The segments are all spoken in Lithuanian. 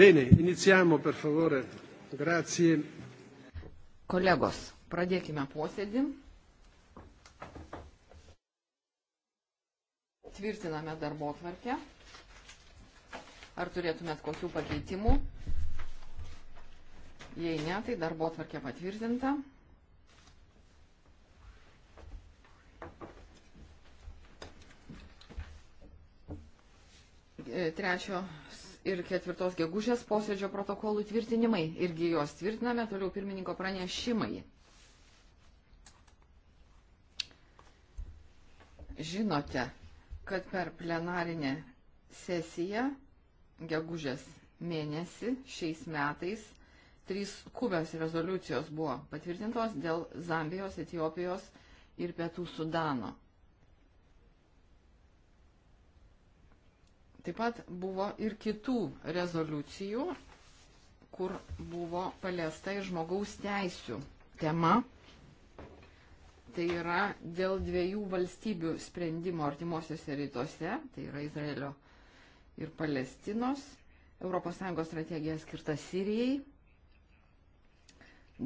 Bene, iniciamo per favore. Grazie. Kolegos, pradėkime posėdį. Tvirtiname darbo tvarkę. Ar turėtumėt kokių pakeitimų? Jei ne, tai darbo tvarkė patvirtinta. E, trečio ir 4 gegužės posėdžio protokolų tvirtinimai. Irgi juos tvirtiname, toliau pirmininko pranešimai. Žinote, kad per plenarinę sesiją gegužės mėnesį šiais metais trys kubės rezoliucijos buvo patvirtintos dėl Zambijos, Etijopijos ir Pietų Sudano. Taip pat buvo ir kitų rezoliucijų, kur buvo paliesta ir žmogaus teisų tema. Tai yra dėl dviejų valstybių sprendimo artimuosiuose rytuose, tai yra Izraelio ir Palestinos, ES strategija skirta Sirijai,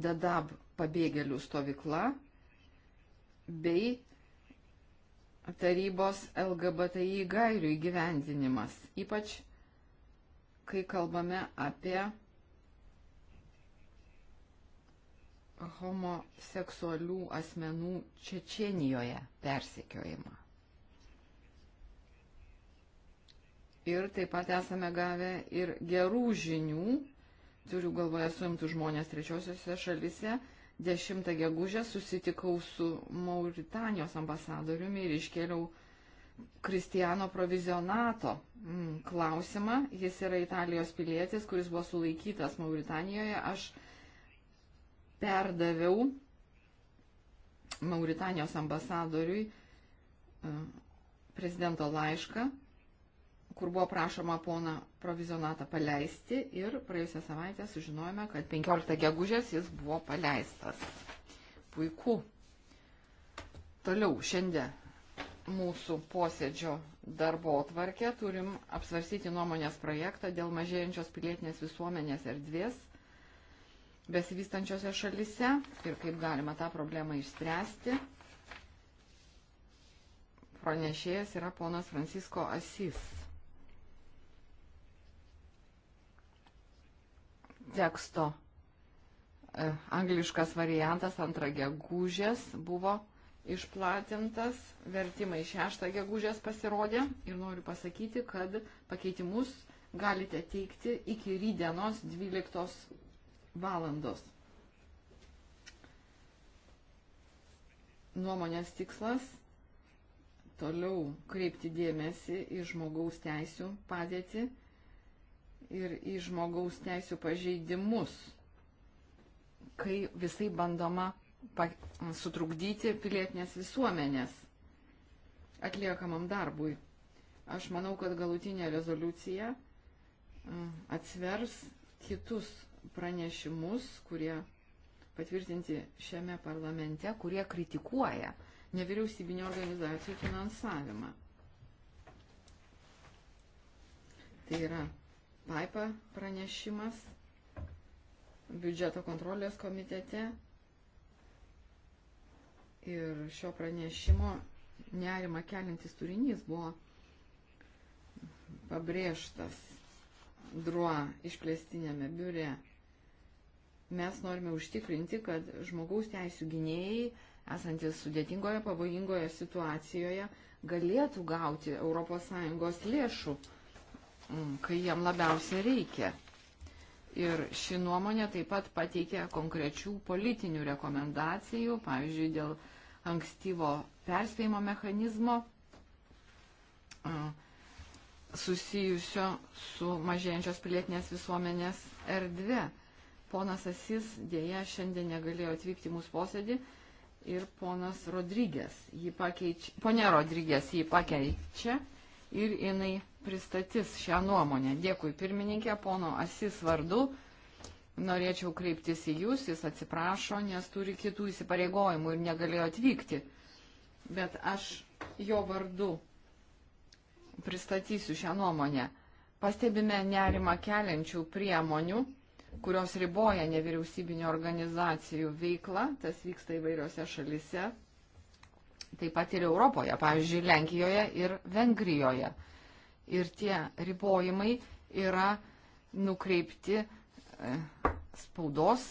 Dadab pabėgėlių stovykla bei tarybos LGBTI gairių įgyvendinimas, ypač kai kalbame apie homoseksualių asmenų Čečenijoje persekiojimą. Ir taip pat esame gavę ir gerų žinių, turiu galvoje suimtų žmonės trečiosiuose šalise, 10 gegužę susitikau su Mauritanijos ambasadoriumi ir iškėliau Kristiano provizionato mm, klausimą. Jis yra Italijos pilietis, kuris buvo sulaikytas Mauritanijoje. Aš perdaviau Mauritanijos ambasadoriui e, prezidento laišką, kur buvo prašoma pona provizionatą paleisti ir praėjusią savaitę sužinojome, kad 15 gegužės jis buvo paleistas. Puiku. Toliau šiandien mūsų posėdžio darbo atvarkę turim apsvarstyti nuomonės projektą dėl mažėjančios pilietinės visuomenės erdvės besivystančiose šalise ir kaip galima tą problemą išspręsti. Pranešėjas yra ponas Francisko Asys. teksto e, angliškas variantas antrą gegužės buvo išplatintas, vertimai šeštą gegužės pasirodė ir noriu pasakyti, kad pakeitimus galite teikti iki rydienos 12 valandos. Nuomonės tikslas - toliau kreipti dėmesį į žmogaus teisų padėtį ir į žmogaus teisų pažeidimus, kai visai bandoma sutrukdyti pilietinės visuomenės atliekamam darbui. Aš manau, kad galutinė rezoliucija atsvers kitus pranešimus, kurie patvirtinti šiame parlamente, kurie kritikuoja nevyriausybinio organizacijų finansavimą. Tai yra PAIPA pranešimas biudžeto kontrolės komitete. Ir šio pranešimo nerima kelintis turinys buvo pabrėžtas druo išplėstinėme biure. Mes norime užtikrinti, kad žmogaus teisų gynėjai, esantis sudėtingoje, pavojingoje situacijoje, galėtų gauti ES lėšų Mm, kai jam labiausia reikia. Ir ši nuomonė taip pat pateikė konkrečių politinių rekomendacijų, pavyzdžiui, dėl ankstyvo perspėjimo mechanizmo mm, susijusio su mažėjančios pilietinės visuomenės erdvė. Ponas Asis dėja šiandien negalėjo atvykti mūsų posėdį ir ponas Rodrygės jį pakeičia, ponė Rodrygės jį pakeičia ir jinai pristatys šią nuomonę. Dėkui pirmininkė, pono Asis vardu. Norėčiau kreiptis į jūs, jis atsiprašo, nes turi kitų įsipareigojimų ir negalėjo atvykti. Bet aš jo vardu pristatysiu šią nuomonę. Pastebime nerimą keliančių priemonių, kurios riboja nevyriausybinio organizacijų veiklą, tas vyksta įvairiose šalise, taip pat ir Europoje, pavyzdžiui, Lenkijoje ir Vengrijoje ir tie ribojimai yra nukreipti e, spaudos,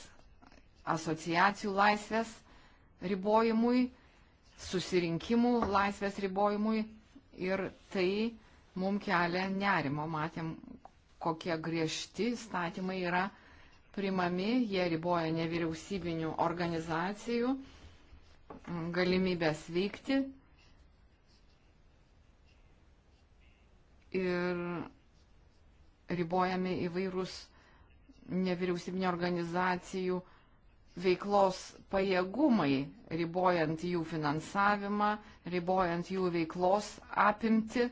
asociacijų laisvės ribojimui, susirinkimų laisvės ribojimui ir tai mums kelia nerimo. Matėm, kokie griežti statymai yra primami, jie riboja nevyriausybinių organizacijų galimybės veikti ir ribojami įvairūs nevyriausybinio organizacijų veiklos pajėgumai, ribojant jų finansavimą, ribojant jų veiklos apimti, e,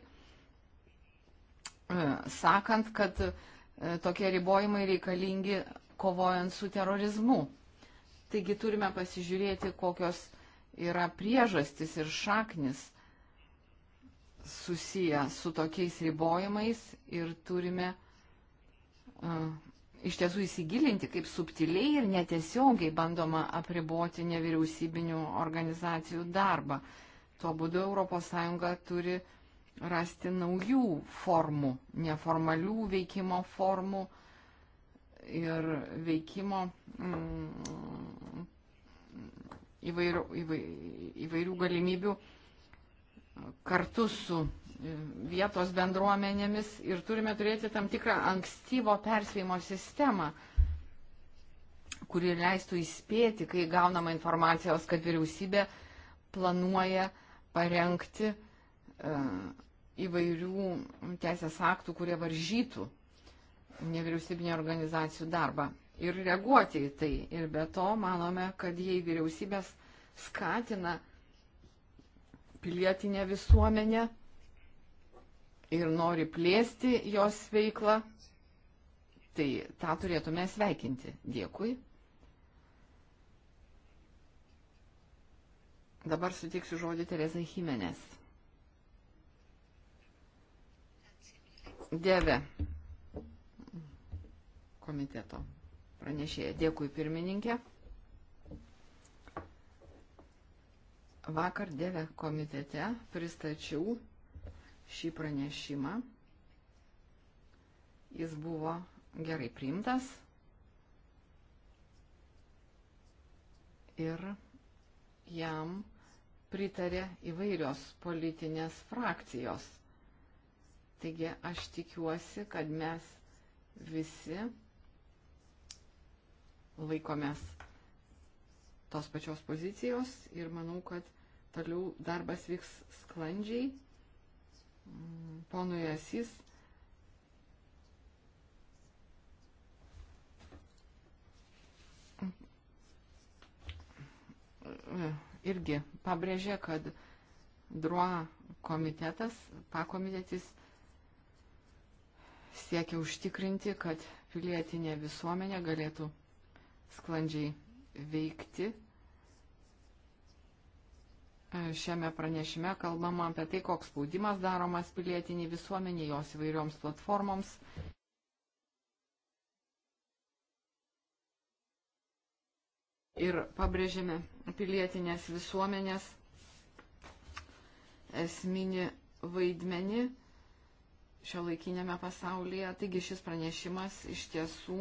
sakant, kad e, tokie ribojimai reikalingi kovojant su terorizmu. Taigi turime pasižiūrėti, kokios yra priežastis ir šaknis susiję su tokiais ribojimais ir turime uh, iš tiesų įsigilinti, kaip subtiliai ir netiesiogiai bandoma apriboti nevyriausybinių organizacijų darbą. Tuo būdu ES turi rasti naujų formų, neformalių veikimo formų ir veikimo mm, įvairių, įvairių galimybių kartu su e, vietos bendruomenėmis ir turime turėti tam tikrą ankstyvo perspėjimo sistemą, kuri leistų įspėti, kai gaunama informacijos, kad vyriausybė planuoja parengti e, įvairių teisės aktų, kurie varžytų nevyriausybinio organizacijų darbą ir reaguoti į tai. Ir be to manome, kad jei vyriausybės skatina pilietinę visuomenę ir nori plėsti jos veiklą, tai tą turėtume sveikinti. Dėkui. Dabar sutiksiu žodį Terezai Jimenez. Dėve komiteto pranešėja. Dėkui pirmininkė. Vakar Dėve komitete pristačiau šį pranešimą. Jis buvo gerai priimtas. Ir jam pritarė įvairios politinės frakcijos. Taigi aš tikiuosi, kad mes visi laikomės tos pačios pozicijos ir manau, kad toliau darbas vyks sklandžiai. Mm, ponui Asys irgi pabrėžė, kad DROA komitetas, pakomitetis siekia užtikrinti, kad pilietinė visuomenė galėtų sklandžiai veikti. Šiame pranešime kalbama apie tai, koks spaudimas daromas pilietiniai visuomeniai, jos įvairioms platformoms. Ir pabrėžėme pilietinės visuomenės esminį vaidmenį šio laikinėme pasaulyje. Taigi šis pranešimas iš tiesų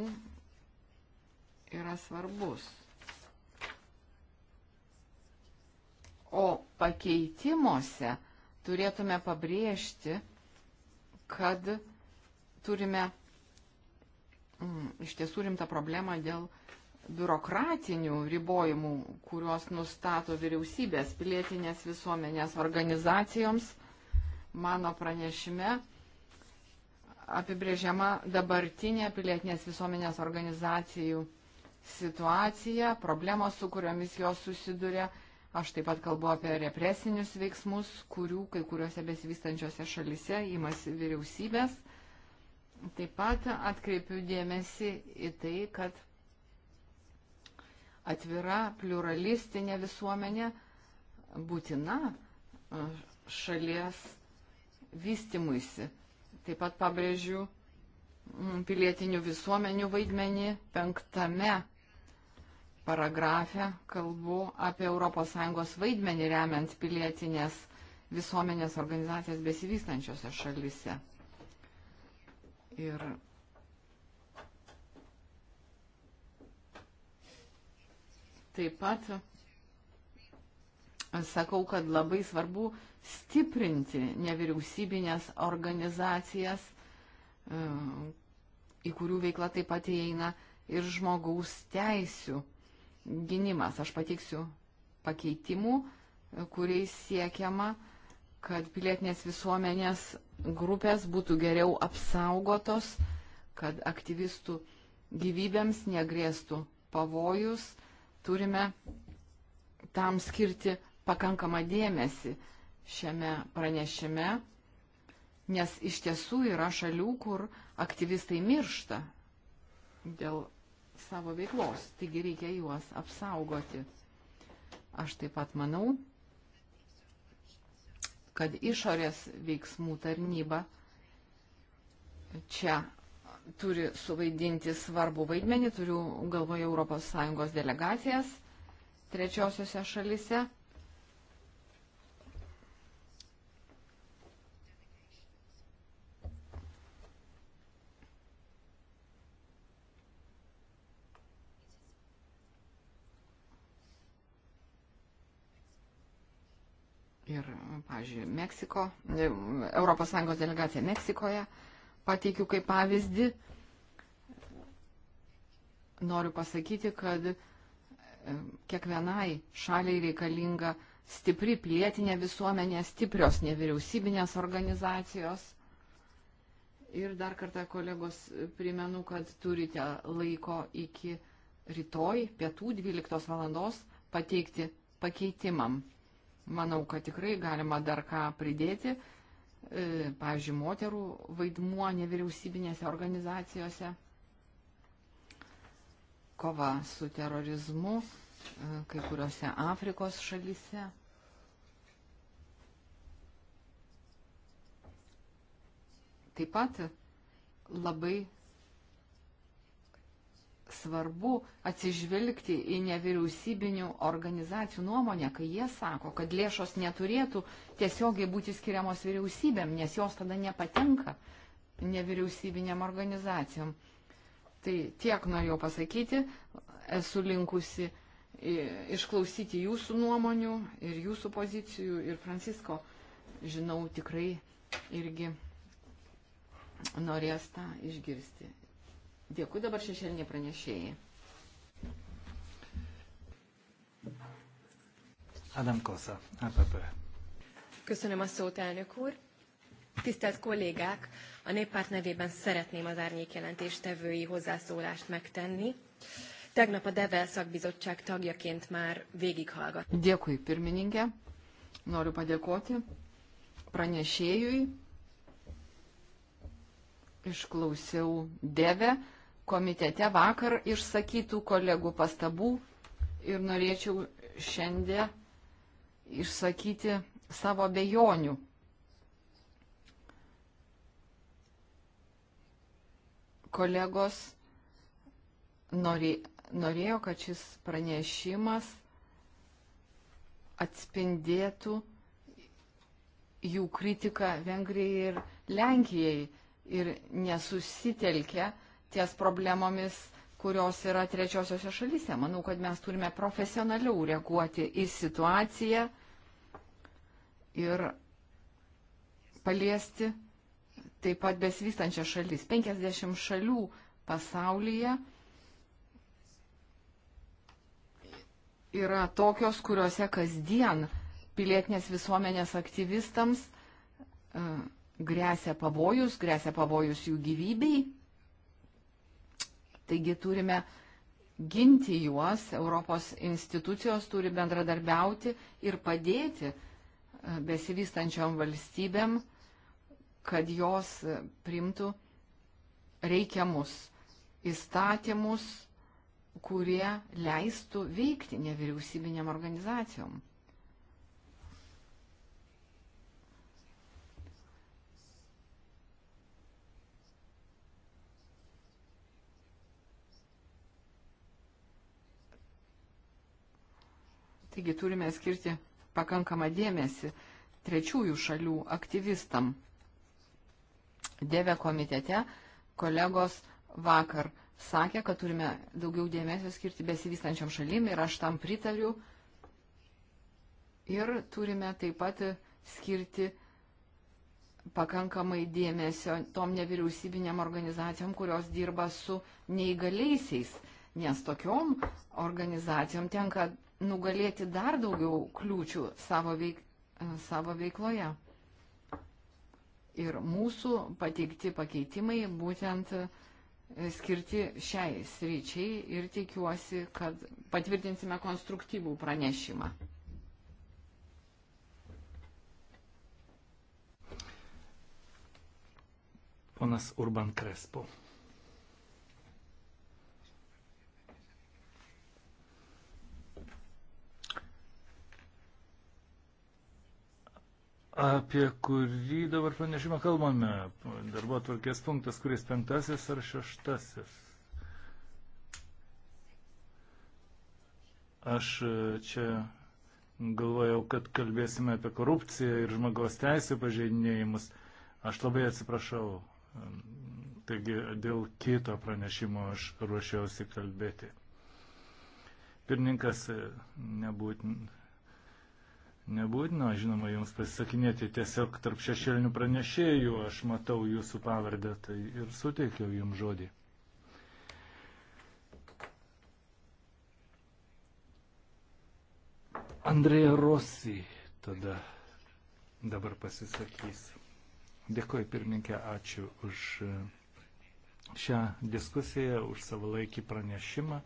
yra svarbus. O pakeitimuose turėtume pabrėžti, kad turime mm, iš tiesų rimtą problemą dėl biurokratinių ribojimų, kuriuos nustato vyriausybės pilietinės visuomenės organizacijoms. Mano pranešime apibrėžiama dabartinė pilietinės visuomenės organizacijų situacija, problemos, su kuriomis jos susiduria Aš taip pat kalbu apie represinius veiksmus, kurių kai kuriuose besivystančiose šalise įmasi vyriausybės. Taip pat atkreipiu dėmesį į tai, kad atvira, pluralistinė visuomenė būtina šalies vystimuisi. Taip pat pabrėžiu pilietinių visuomenių vaidmenį penktame paragrafe kalbu apie ES vaidmenį remiant pilietinės visuomenės organizacijas besivystančiose šalise. Ir taip pat sakau, kad labai svarbu stiprinti nevyriausybinės organizacijas, e, į kurių veiklą taip pat įeina ir žmogaus teisių gynimas. Aš pateiksiu pakeitimų, kuriais siekiama, kad pilietinės visuomenės grupės būtų geriau apsaugotos, kad aktyvistų gyvybėms negrėstų pavojus. Turime tam skirti pakankamą dėmesį šiame pranešime, nes iš tiesų yra šalių, kur aktyvistai miršta dėl savo veiklos, taigi reikia juos apsaugoti. Aš taip pat manau, kad išorės veiksmų tarnyba čia turi suvaidinti svarbų vaidmenį, turiu galvoje ES delegacijas trečiosiuose šalise. pavyzdžiui, Meksiko, ES delegacija Meksikoje, pateikiu kaip pavyzdį, noriu pasakyti, kad e, kiekvienai šaliai reikalinga stipri plėtinė visuomenė, stiprios nevyriausybinės organizacijos. Ir dar kartą kolegos primenu, kad turite laiko iki rytoj pietų 12 valandos pateikti pakeitimam. Manau, kad tikrai galima dar ką pridėti. E, pavyzdžiui, moterų vaidmuo nevyriausybinėse organizacijose, kova su terorizmu e, kai kuriuose Afrikos šalyse. Taip pat labai svarbu atsižvelgti į nevyriausybinių organizacijų nuomonę, kai jie sako, kad lėšos neturėtų tiesiogiai būti skiriamos vyriausybėm, nes jos tada nepatenka nevyriausybinėm organizacijom. Tai tiek norėjau pasakyti, esu linkusi e, išklausyti jūsų nuomonių ir jūsų pozicijų ir Francisko, žinau, tikrai irgi norės tą išgirsti. Dėkui dabar šešėlinė pranešėjai. Adam Kosa, APP. Köszönöm a szót, elnök úr. Tisztelt kollégák, a néppárt nevében szeretném az árnyékjelentés tevői hozzászólást megtenni. Tegnap a DEVEL szakbizottság tagjaként már végighallgat. Dėkui, pirmininkė. Noriu padėkoti pranešėjui. Išklausiau DEVE komitete vakar išsakytų kolegų pastabų ir norėčiau šiandien išsakyti savo bejonių. Kolegos norė, norėjo, kad šis pranešimas atspindėtų jų kritiką Vengrijai ir Lenkijai ir nesusitelkia ties problemomis, kurios yra trečiosiose šalyse. Manau, kad mes turime profesionaliau reaguoti į situaciją ir paliesti taip pat besivystančias šalis. 50 šalių pasaulyje yra tokios, kuriuose kasdien pilietinės visuomenės aktyvistams uh, e, grėsia pavojus, grėsia pavojus jų gyvybei, Taigi turime ginti juos, Europos institucijos turi bendradarbiauti ir padėti e, besivystančiom valstybėm, kad jos primtų reikiamus įstatymus, kurie leistų veikti nevyriausybinėm organizacijom. Taigi turime skirti pakankamą dėmesį trečiųjų šalių aktyvistam. Dėvė komitete kolegos vakar sakė, kad turime daugiau dėmesio skirti besivystančiam šalim ir aš tam pritariu. Ir turime taip pat skirti pakankamai dėmesio tom nevyriausybinėm organizacijom, kurios dirba su neįgaliaisiais, nes tokiom organizacijom tenka nugalėti dar daugiau kliūčių savo, veik, e, savo veikloje. Ir mūsų pateikti pakeitimai būtent e, skirti šiai sryčiai ir tikiuosi, kad patvirtinsime konstruktyvų pranešimą. Ponas Urban Krespo. apie kurį dabar pranešimą kalbame. Darbo atvarkės punktas, kuris penktasis ar šeštasis. Aš e, čia galvojau, kad kalbėsime apie korupciją ir žmogaus teisų pažeidinėjimus. Aš labai atsiprašau. Taigi dėl kito pranešimo aš ruošiausi kalbėti. Pirmininkas e, nebūtent Nebūtina, žinoma, jums pasisakinėti tiesiog tarp šešėlinių pranešėjų, aš matau jūsų pavardę, tai ir suteikiau jums žodį. Andrėja Rossi tada dabar pasisakys. Dėkuoju pirmininkė, ačiū už e, šią diskusiją, už savalaikį pranešimą.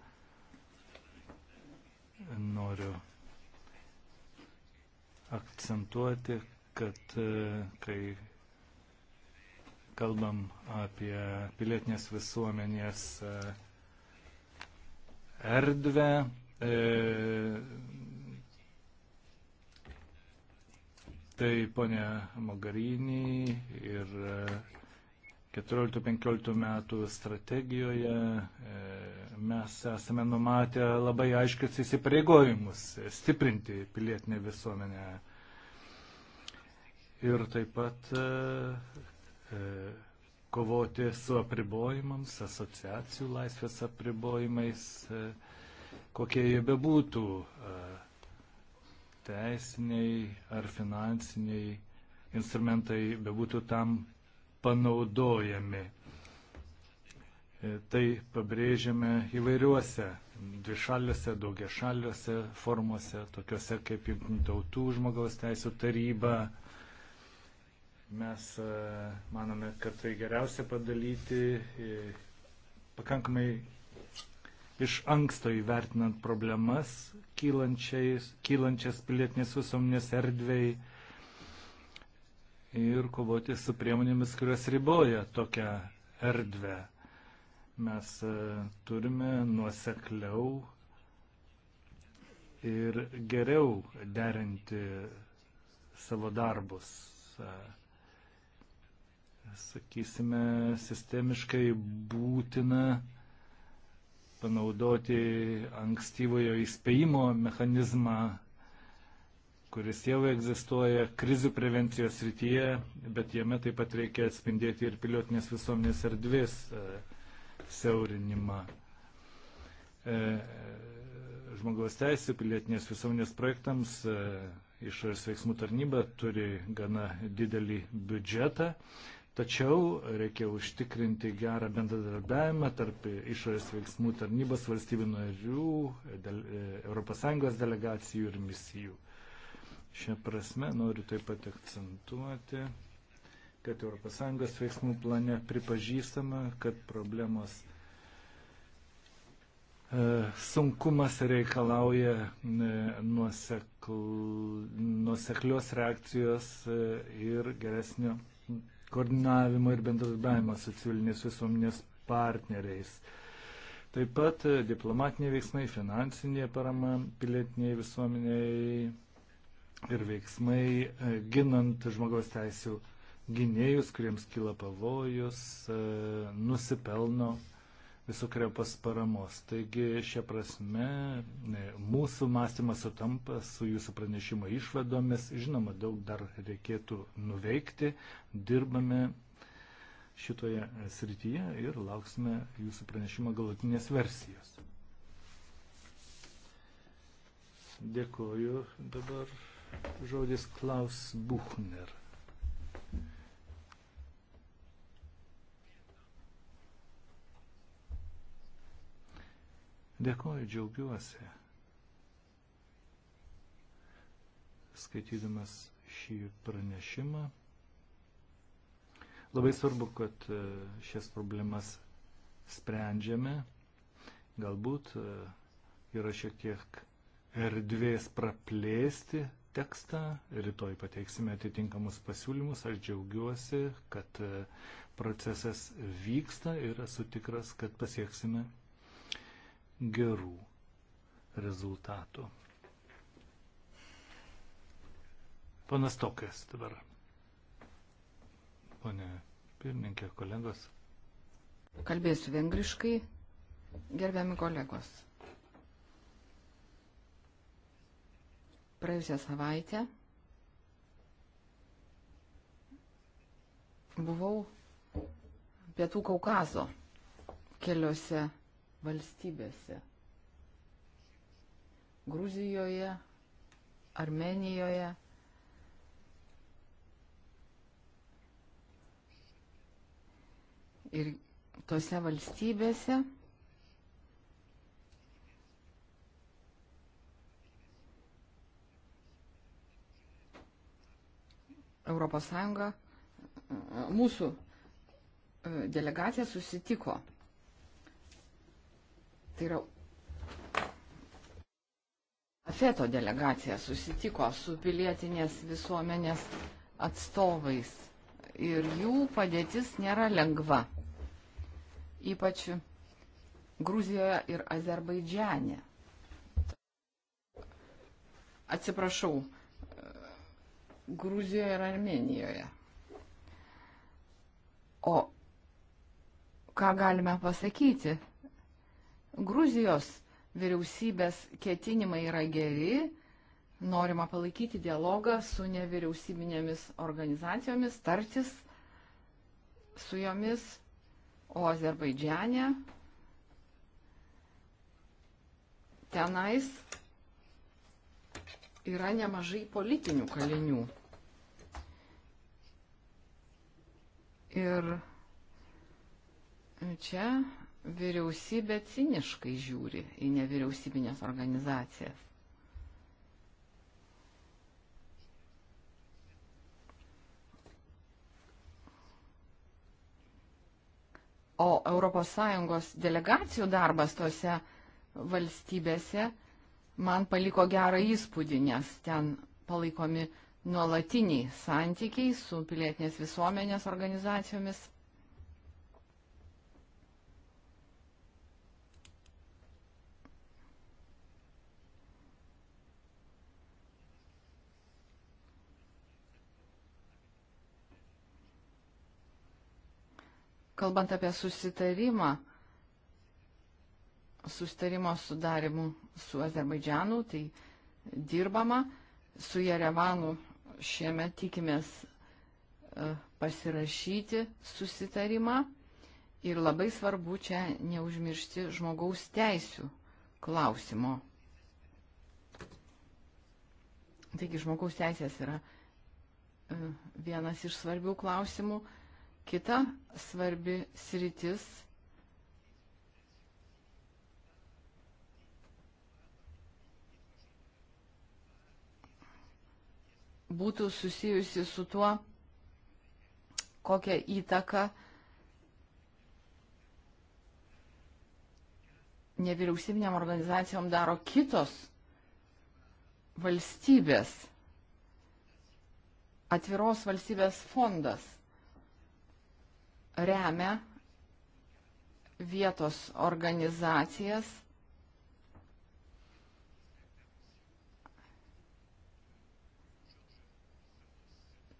Noriu akcentuoti, kad e, kai kalbam apie pilietinės visuomenės e, erdvę, e, tai ponia Mogarinį ir 14-15 metų strategijoje e, Mes esame numatę labai aiškius įsipareigojimus stiprinti pilietinę visuomenę. Ir taip pat e, e, kovoti su apribojimams, asociacijų laisvės apribojimais, e, kokie jie bebūtų, e, teisiniai ar finansiniai instrumentai bebūtų tam panaudojami. E, tai pabrėžiame įvairiuose dvišaliuose, daugiašaliuose formuose, tokiuose kaip Junktinių tautų žmogaus teisų taryba. Mes e, manome, kad tai geriausia padalyti e, pakankamai iš anksto įvertinant problemas kylančias pilietinės visuomenės erdvėjai ir kovoti su priemonėmis, kurios riboja tokią erdvę. Mes e, turime nuosekliau ir geriau derinti savo darbus. E, sakysime, sistemiškai būtina panaudoti ankstyvojo įspėjimo mechanizmą kuris jau egzistuoja krizių prevencijos rytyje, bet jame taip pat reikia atspindėti ir piliotinės visuomenės erdvės e, siaurinimą. E, žmogaus teisų pilietinės visuomenės projektams e, išorės veiksmų tarnyba turi gana didelį biudžetą, tačiau reikia užtikrinti gerą bendradarbiavimą tarp išorės veiksmų tarnybos valstybių narių, ES e, delegacijų ir misijų. Šią prasme noriu taip pat akcentuoti kad ES veiksmų plane pripažįstama, kad problemos e, sunkumas reikalauja e, nuosekl... nuoseklios reakcijos e, ir geresnio koordinavimo ir bendradarbiavimo su civilinės visuomenės partneriais. Taip pat diplomatiniai veiksmai, finansinė parama pilietiniai visuomeniai ir veiksmai ginant žmogaus teisų gynėjus, kuriems kyla pavojus, e, nusipelno visokiojopos paramos. Taigi šia prasme e, mūsų mąstymas sutampa su jūsų pranešimo išvadomis. Žinoma, daug dar reikėtų nuveikti. Dirbame šitoje srityje ir lauksime jūsų pranešimo galutinės versijos. Dėkuoju dabar žodis Klaus Buchner. Dėkoju, džiaugiuosi. Skaitydamas šį pranešimą. Labai svarbu, kad e, šias problemas sprendžiame. Galbūt e, yra šiek tiek erdvės praplėsti tekstą. Rytoj pateiksime atitinkamus pasiūlymus. Aš džiaugiuosi, kad e, procesas vyksta ir esu tikras, kad pasieksime gerų rezultatų. Panas Tokas dabar. Pone pirmininkė, kolegos. Kalbėsiu vengriškai, gerbiami kolegos. Praėjusią savaitę buvau Pietų Kaukazo keliuose valstybėse. Gruzijoje, Armenijoje. Ir tose valstybėse ES mūsų e, delegacija susitiko tai yra Afeto delegacija susitiko su pilietinės visuomenės atstovais ir jų padėtis nėra lengva, ypač Gruzijoje ir Azerbaidžiane. Atsiprašau, Gruzijoje ir Armenijoje. O ką galime pasakyti? Gruzijos vyriausybės ketinimai yra geri, norima palaikyti dialogą su nevyriausybinėmis organizacijomis, tartis su jomis, o Azerbaidžiane tenais yra nemažai politinių kalinių. Ir čia vyriausybė ciniškai žiūri į nevyriausybinės organizacijas. O ES delegacijų darbas tose valstybėse man paliko gerą įspūdį, nes ten palaikomi nuolatiniai santykiai su pilietinės visuomenės organizacijomis Kalbant apie susitarimą, susitarimo sudarimu su Azerbaidžianu, tai dirbama su Jerevanu šiemet tikimės e, pasirašyti susitarimą ir labai svarbu čia neužmiršti žmogaus teisų klausimo. Taigi žmogaus teisės yra e, vienas iš svarbių klausimų. Kita svarbi sritis būtų susijusi su tuo, kokią įtaką nevyriausybiniam organizacijom daro kitos valstybės, atviros valstybės fondas remia vietos organizacijas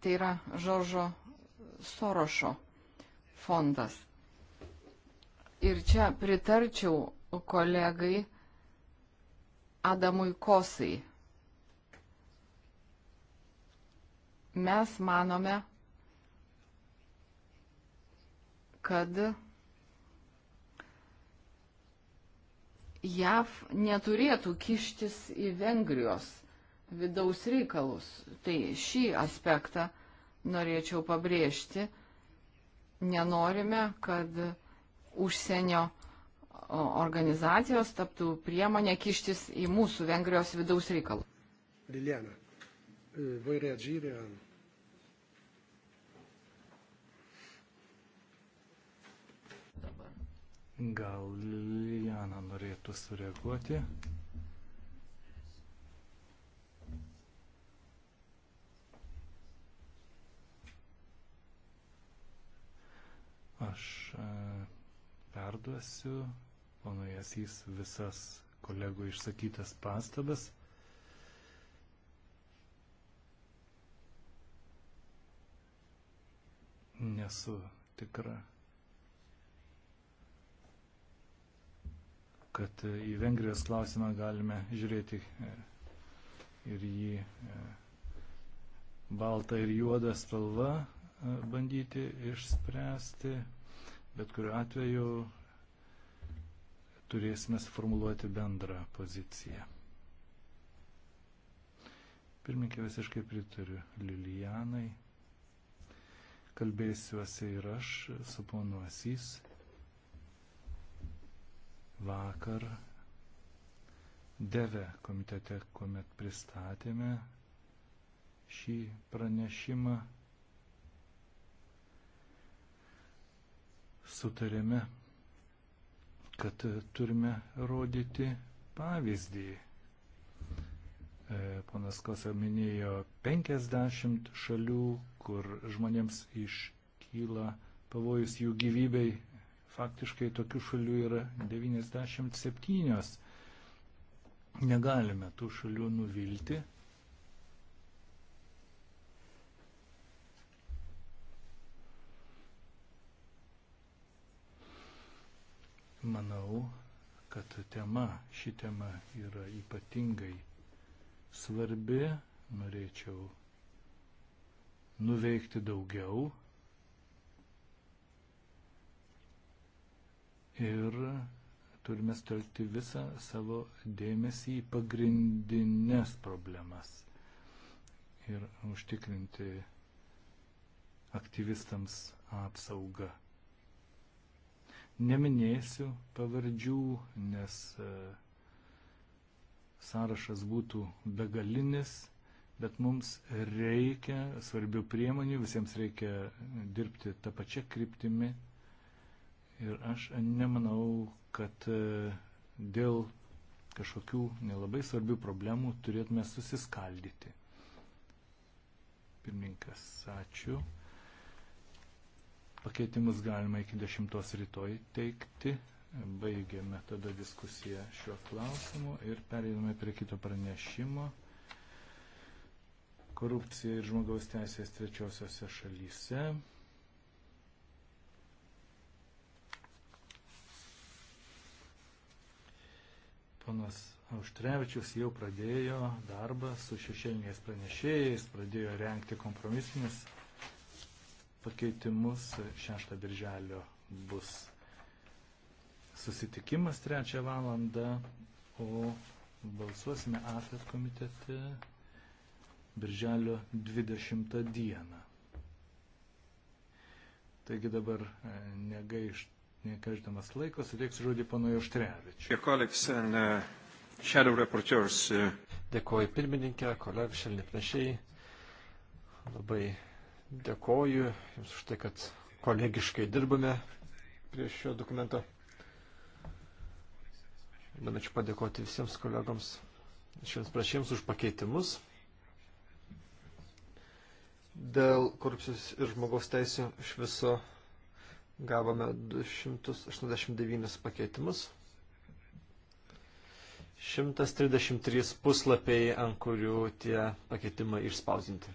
tai yra Žoržo Sorošo fondas. Ir čia pritarčiau kolegai Adamui Kosai. Mes manome, kad JAV neturėtų kištis į Vengrijos vidaus reikalus. Tai šį aspektą norėčiau pabrėžti. Nenorime, kad užsienio organizacijos taptų priemonė kištis į mūsų Vengrijos vidaus reikalus. Liliana, e, voi reagire al... Gal Lilijana norėtų sureaguoti? Aš e, perduosiu ponui Asys visas kolegų išsakytas pastabas. Nesu tikra, kad į Vengrijos klausimą galime žiūrėti e, ir jį e, baltą ir juodą spalvą e, bandyti išspręsti. Bet kuriu atveju turėsime sformuluoti bendrą poziciją. Pirminkė visiškai pritariu Lilijanai. Kalbėsiuosi ir aš su ponuosys vakar Deve komitete, kuomet pristatėme šį pranešimą, sutarėme, kad turime rodyti pavyzdį. E, ponas Kosa minėjo 50 šalių, kur žmonėms iškyla pavojus jų gyvybei Faktiškai tokių šalių yra 97. Negalime tų šalių nuvilti. Manau, kad tema, ši tema yra ypatingai svarbi. Norėčiau nuveikti daugiau ir turime stelkti visą savo dėmesį į pagrindinės problemas ir užtikrinti aktyvistams apsaugą. Neminėsiu pavardžių, nes e, sąrašas būtų begalinis, bet mums reikia svarbių priemonių, visiems reikia dirbti tą pačią kryptimį Ir aš nemanau, kad e, dėl kažkokių nelabai svarbių problemų turėtume susiskaldyti. Pirmininkas, ačiū. Pakeitimus galima iki 10 rytoj teikti. Baigėme tada diskusiją šiuo klausimu ir pereiname prie kito pranešimo. Korupcija ir žmogaus teisės trečiosiose šalyse. Ponas Auštrevičius jau pradėjo darbą su šešėliniais pranešėjais, pradėjo renkti kompromisinius pakeitimus. 6 birželio bus susitikimas 3 valandą, o balsuosime AFET komitete birželio 20 dieną. Taigi dabar e, negaišt Nekaiždamas laiko, suteiksiu žodį panojo Štrevičiu. Dėkuoju pirmininkė, kolegų šiandien prašiai. Labai dėkoju Jums už tai, kad kolegiškai dirbame prie šio dokumento. Norėčiau padėkoti visiems kolegoms šiems prašyms už pakeitimus dėl korupcijos ir žmogaus teisų iš viso Gavome 289 pakeitimus. 133 puslapiai, ant kurių tie pakeitimai išspausinti.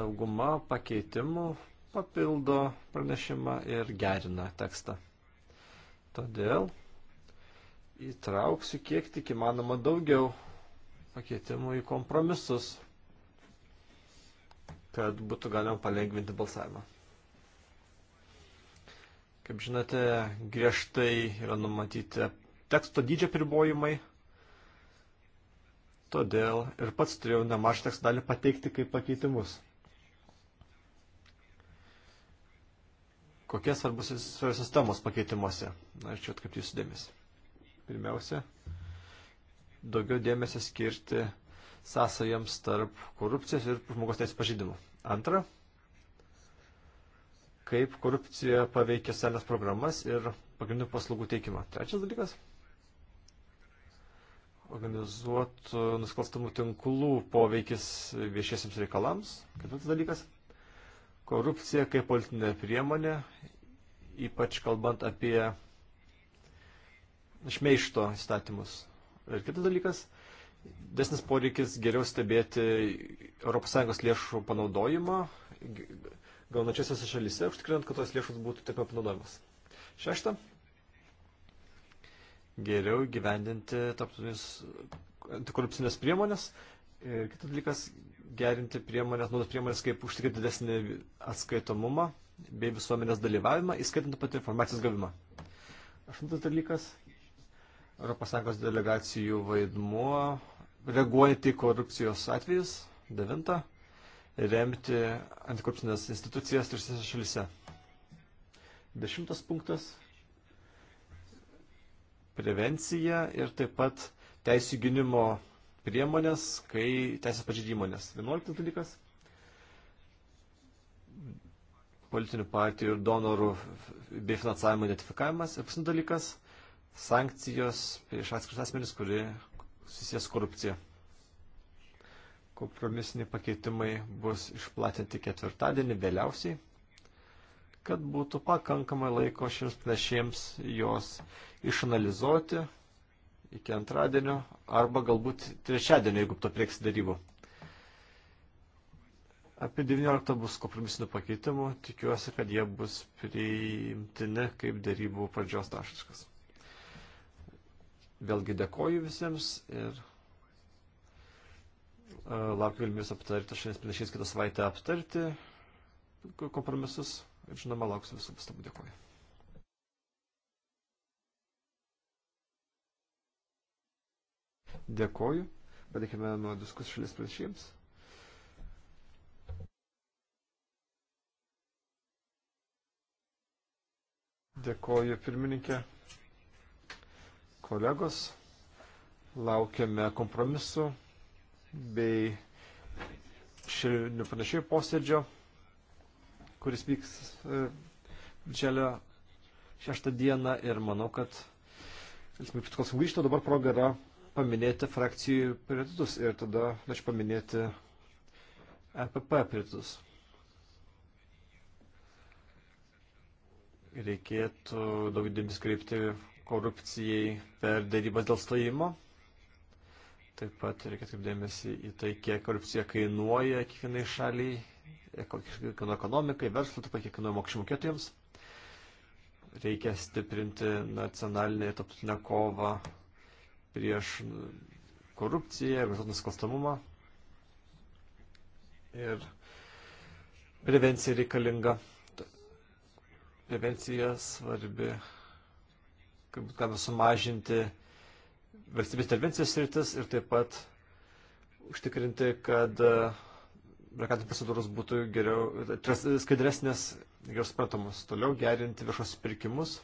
Dauguma pakeitimų papildo pranešimą ir gerina tekstą. Todėl įtrauksiu kiek tik įmanoma daugiau pakeitimų į kompromisus, kad būtų galima palengvinti balsavimą. Kaip žinote, griežtai yra numatyti teksto dydžio pribojimai, todėl ir pats turėjau nemažą teksto dalį pateikti kaip pakeitimus. Kokie svarbus sistemos pakeitimuose? Norėčiau atkreipti jūsų dėmesį. Pirmiausia, daugiau dėmesio skirti sąsajams tarp korupcijos ir žmogaus teisų pažydimų. Antra, kaip korupcija paveikia socialinės programas ir pagrindinių paslaugų teikimą. Trečias dalykas - organizuotų nusikalstamų tinklų poveikis viešiesiams reikalams. Ketvirtas dalykas - korupcija kaip politinė priemonė, ypač kalbant apie šmeišto įstatymus. Ir kitas dalykas - desnis poreikis geriau stebėti ES lėšų panaudojimą, gaunačiosiose šalyse, užtikrinant, kad tos lėšos būtų taip apnaudojamas. Šešta. Geriau gyvendinti tarptautinius antikorupcinės priemonės. Ir kitas dalykas - gerinti priemonės, naudos priemonės, kaip užtikrinti didesnį atskaitomumą bei visuomenės dalyvavimą, įskaitant pat informacijos gavimą. Aštuntas dalykas - ES delegacijų vaidmuo reaguojant į korupcijos atvejus. Devinta remti antikorupcinės institucijas trečiose šalyse. Dešimtas punktas – prevencija ir taip pat teisų gynimo priemonės, kai teisės pažydė įmonės. Vienuoliktas dalykas – politinių partijų ir donorų bei finansavimo identifikavimas. Ir pasinų dalykas – sankcijos prieš atskirtas asmenis, kuri susijęs korupcija kompromisiniai pakeitimai bus išplatinti ketvirtadienį vėliausiai, kad būtų pakankamai laiko šiems pranešėjams jos išanalizuoti iki antradienio arba galbūt trečiadienio, jeigu to prieks darybų. Apie 19 bus kompromisinių pakeitimų, tikiuosi, kad jie bus priimtini kaip darybų pradžios taškas. Vėlgi dėkoju visiems ir E, Laukiu galimybės aptarti šiandien panašiais kitą savaitę aptarti kompromisus ir žinoma lauksiu visų pastabų. Dėkuoju. Dėkuoju. Padėkime nuo diskusijų šalies pranešėjams. Dėkoju pirmininkė. Kolegos, laukiame kompromisu bei šešėlinių panašiai posėdžio, kuris vyks e, birželio šeštą dieną ir manau, kad Elismai Pitkos sugrįžta, dabar proga yra paminėti frakcijų prioritetus ir tada aš paminėti EPP prioritetus. Reikėtų daug dėmesio kreipti korupcijai per darybas dėl stojimo Taip pat reikia atkreipdėmėsi į tai, kiek korupcija kainuoja kiekvienai šaliai, kiekvieno ekonomikai, verslui, taip pat kiekvieno mokesčių mokėtojams. Reikia stiprinti nacionalinę ir taptutinę kovą prieš korupciją, organizuotą nusikalstamumą. Ir prevencija reikalinga. Prevencija svarbi, kaip galima sumažinti valstybės intervencijos rytis ir taip pat užtikrinti, kad brakatų e, procedūros būtų geriau, skaidresnės, geriau suprantamos, toliau gerinti viešos pirkimus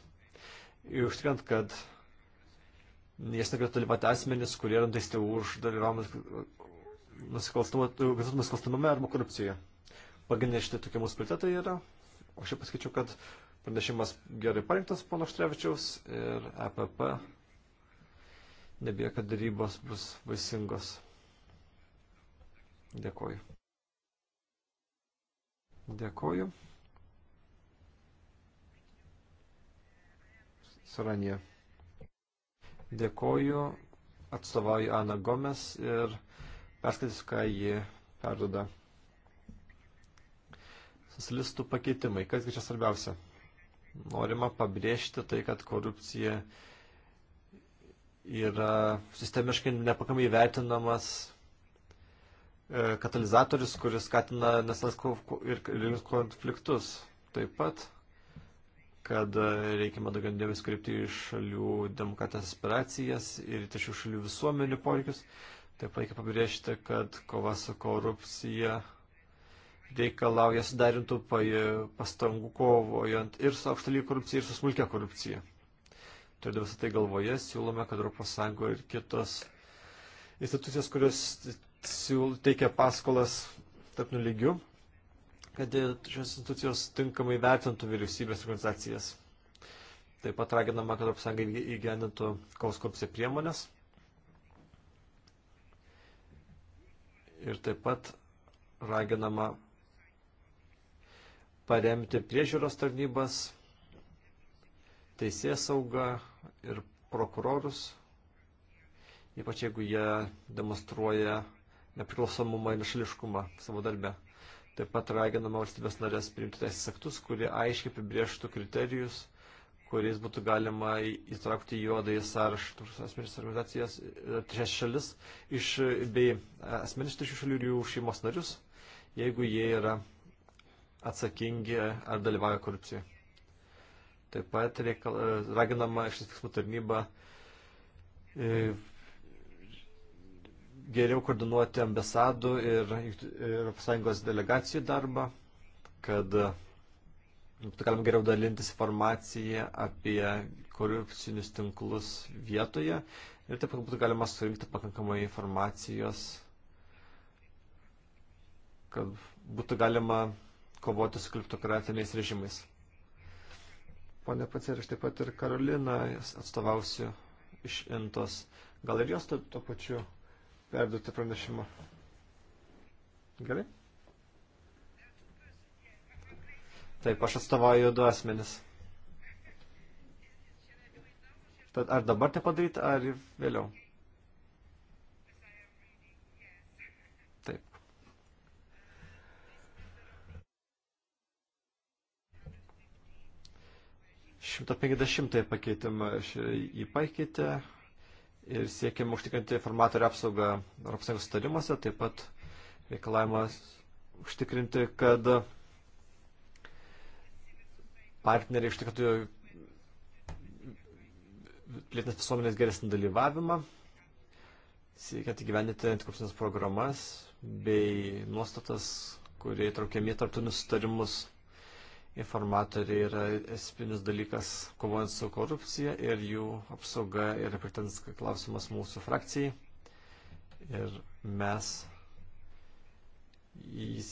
ir užtikrint, kad jas negalėtų dalyvauti asmenys, kurie yra nuteisti už dalyvavimą e, nusikalstamame arba korupcijoje. Pagrindiniai šitie tokie mūsų prioritetai yra. O šiaip pasakyčiau, kad pranešimas gerai parinktas pono Štrevičiaus ir EPP nebijau, kad darybos bus vaisingos. Dėkoju. Dėkoju. Suranė. Dėkoju, atstovauju Ana Gomes ir perskaitysiu, ką ji perduoda. Socialistų pakeitimai. Kas čia svarbiausia? Norima pabrėžti tai, kad korupcija yra yra sistemiškai nepakamai vertinamas e, katalizatorius, kuris skatina nesas ir karinius konfliktus. Taip pat, kad e, reikima daugiau dėmesio kreipti į šalių demokratijos aspiracijas ir trečių šalių visuomenių poreikius. Taip pat reikia pabrėžti, kad kova su korupcija reikalauja sudarintų pastangų kovojant ir su aukštalyje korupcija, ir su smulkia korupcija. Todėl visą tai galvoje siūlome, kad ES ir kitos institucijos, kurios siūl, teikia paskolas tarpnių lygių, kad šios institucijos tinkamai vertintų vyriausybės organizacijas. Taip pat raginama, kad ES įgyvendintų kovos korupciją priemonės. Ir taip pat raginama paremti priežiūros tarnybas, teisės saugą ir prokurorus, ypač jeigu jie demonstruoja nepriklausomumą ir nešališkumą savo darbę. Taip pat raginama valstybės narės priimti teisės aktus, kurie aiškiai apibrieštų kriterijus, kuriais būtų galima įtraukti juodąjį sąrašą asmenys organizacijas e, trečias šalis iš, bei e, asmenys trečių šalių ir jų šeimos narius, jeigu jie yra atsakingi ar dalyvauja korupcijoje. Taip pat reikala, raginama šis veiksmų tarnyba e, geriau koordinuoti ambasadų ir ES delegacijų darbą, kad būtų nu, galima geriau dalintis informaciją apie korupcinius tinklus vietoje ir taip pat būtų galima surinkti pakankamai informacijos, kad būtų galima kovoti su kriptokratiniais režimais ponė Pacer, aš taip pat ir Karolina atstovausiu iš Intos. Gal ir jos to, to pačiu perduoti pranešimą? Gerai? Taip, aš atstovauju du asmenis. Tad ar dabar tai padaryti, ar vėliau? 150 pakeitimą jį pakeitė ir siekiam užtikrinti informatorių apsaugą ES sutarimuose, taip pat reikalavimas užtikrinti, kad partneriai užtikrintų pilietinės visuomenės geresnį dalyvavimą, siekiant įgyvendinti antikorupcinės programas bei nuostatas, kurie įtraukiami tarptautinius sutarimus informatoriai yra esminis dalykas kovojant su korupcija ir jų apsauga yra prioritetas klausimas mūsų frakcijai. Ir mes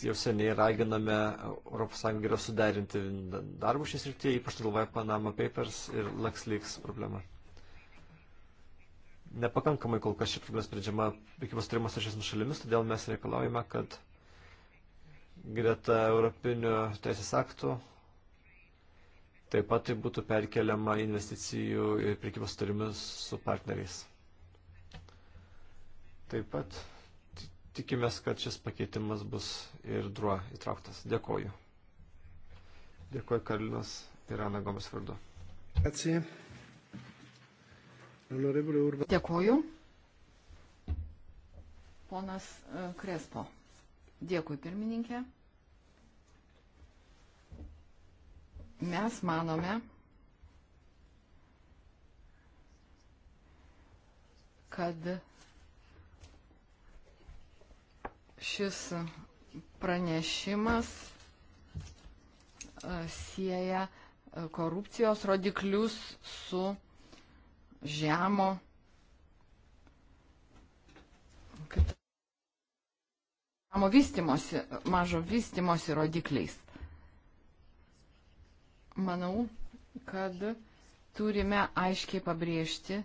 jau seniai raginame ES geriau suderinti darbų šis rytyje, ypač tai galvoja Panama Papers ir LuxLeaks problema. Nepakankamai kol kas ši problema sprendžiama prekybos turimas su šias šalimis, todėl mes reikalaujame, kad greta europinių teisės aktų Taip pat tai būtų perkeliama investicijų ir prekybos turimis su partneriais. Taip pat tikimės, kad šis pakeitimas bus ir druo įtrauktas. Dėkoju. Dėkoju Karlinas ir Ana Gomes vardu. Dėkoju. Ponas e, Krespo. Dėkui pirmininkė. Mes manome, kad šis pranešimas e, sieja e, korupcijos rodiklius su žemo vystimosi, mažo vystimosi rodikliais manau, kad turime aiškiai pabrėžti,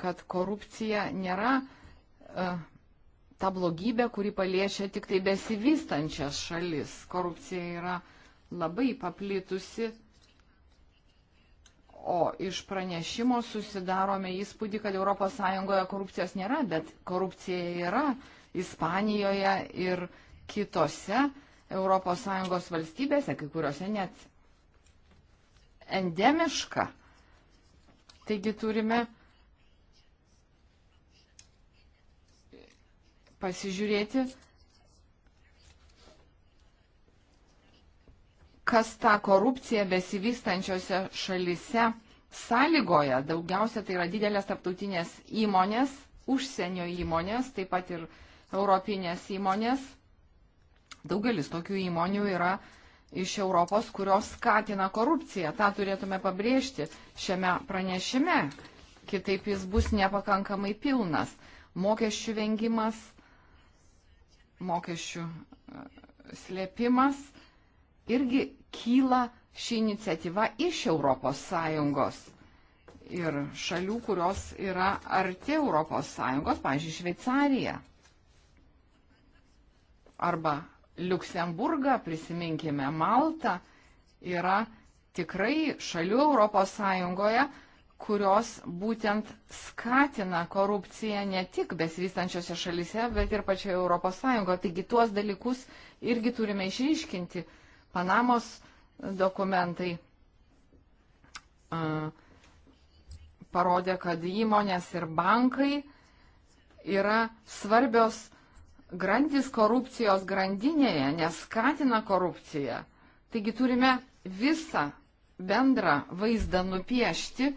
kad korupcija nėra uh, ta blogybė, kuri paliečia tik tai besivystančias šalis. Korupcija yra labai paplitusi, o iš pranešimo susidarome įspūdį, kad ES korupcijos nėra, bet korupcija yra Ispanijoje ir kitose uh, ES valstybėse, kai kuriuose net endemiška. Taigi turime pasižiūrėti, kas tą korupciją besivystančiose šalise sąlygoja. Daugiausia tai yra didelės tarptautinės įmonės, užsienio įmonės, taip pat ir europinės įmonės. Daugelis tokių įmonių yra iš Europos, kurios skatina korupciją. Ta turėtume pabrėžti šiame pranešime, kitaip jis bus nepakankamai pilnas. Mokesčių vengimas, mokesčių e, slėpimas irgi kyla ši iniciatyva iš Europos Sąjungos ir šalių, kurios yra arti Europos Sąjungos, pavyzdžiui, Šveicarija arba Luksemburgą, prisiminkime Maltą, yra tikrai šalių ES, kurios būtent skatina korupciją ne tik besivystančiose šalise, bet ir pačioje ES. Taigi tuos dalykus irgi turime išryškinti. Panamos dokumentai uh, parodė, kad įmonės ir bankai yra svarbios grandis korupcijos grandinėje neskatina korupciją. Taigi turime visą bendrą vaizdą nupiešti,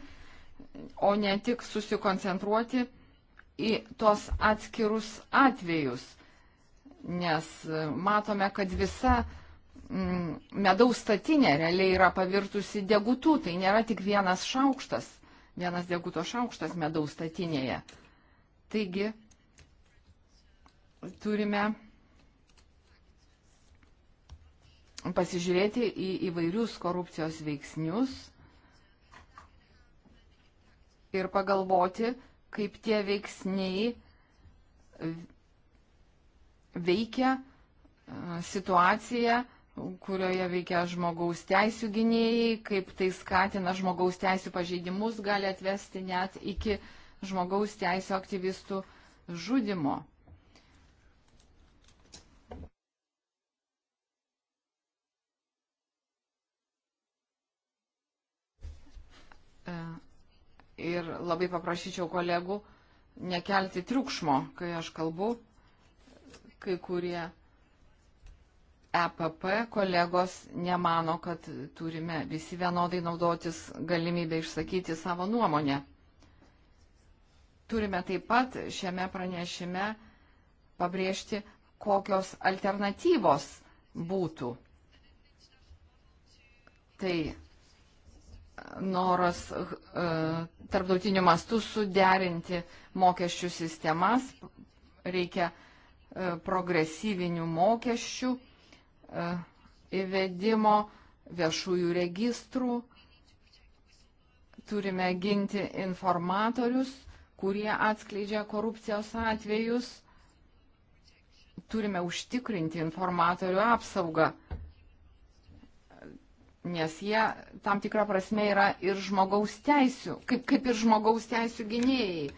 o ne tik susikoncentruoti į tos atskirus atvejus, nes matome, kad visa mm, medaus statinė realiai yra pavirtusi degutų, tai nėra tik vienas šaukštas, vienas deguto šaukštas medaus statinėje. Taigi turime pasižiūrėti į įvairius korupcijos veiksnius ir pagalvoti, kaip tie veiksniai veikia situaciją, kurioje veikia žmogaus teisų gynėjai, kaip tai skatina žmogaus teisų pažeidimus, gali atvesti net iki žmogaus teisų aktyvistų žudimo. E, ir labai paprašyčiau kolegų nekelti triukšmo, kai aš kalbu. Kai kurie EPP kolegos nemano, kad turime visi vienodai naudotis galimybę išsakyti savo nuomonę. Turime taip pat šiame pranešime pabrėžti, kokios alternatyvos būtų. Tai noras e, tarptautiniu mastu suderinti mokesčių sistemas, reikia e, progresyvinių mokesčių e, įvedimo, viešųjų registrų, turime ginti informatorius, kurie atskleidžia korupcijos atvejus, turime užtikrinti informatorių apsaugą nes jie tam tikrą prasme yra ir žmogaus teisų, kaip, kaip ir žmogaus teisų gynėjai.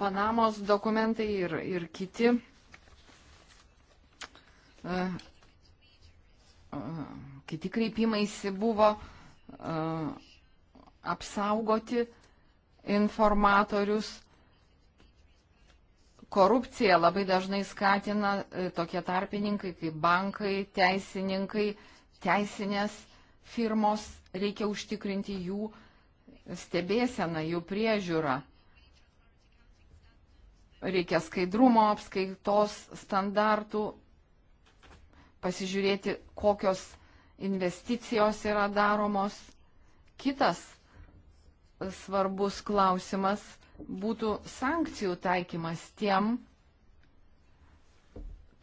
Panamos dokumentai ir, ir kiti. Uh, uh, kiti kreipimaisi buvo uh, apsaugoti informatorius. Korupcija labai dažnai skatina tokie tarpininkai kaip bankai, teisininkai, teisinės firmos, reikia užtikrinti jų stebėseną, jų priežiūrą. Reikia skaidrumo, apskaitos standartų, pasižiūrėti, kokios investicijos yra daromos. Kitas svarbus klausimas būtų sankcijų taikymas tiem,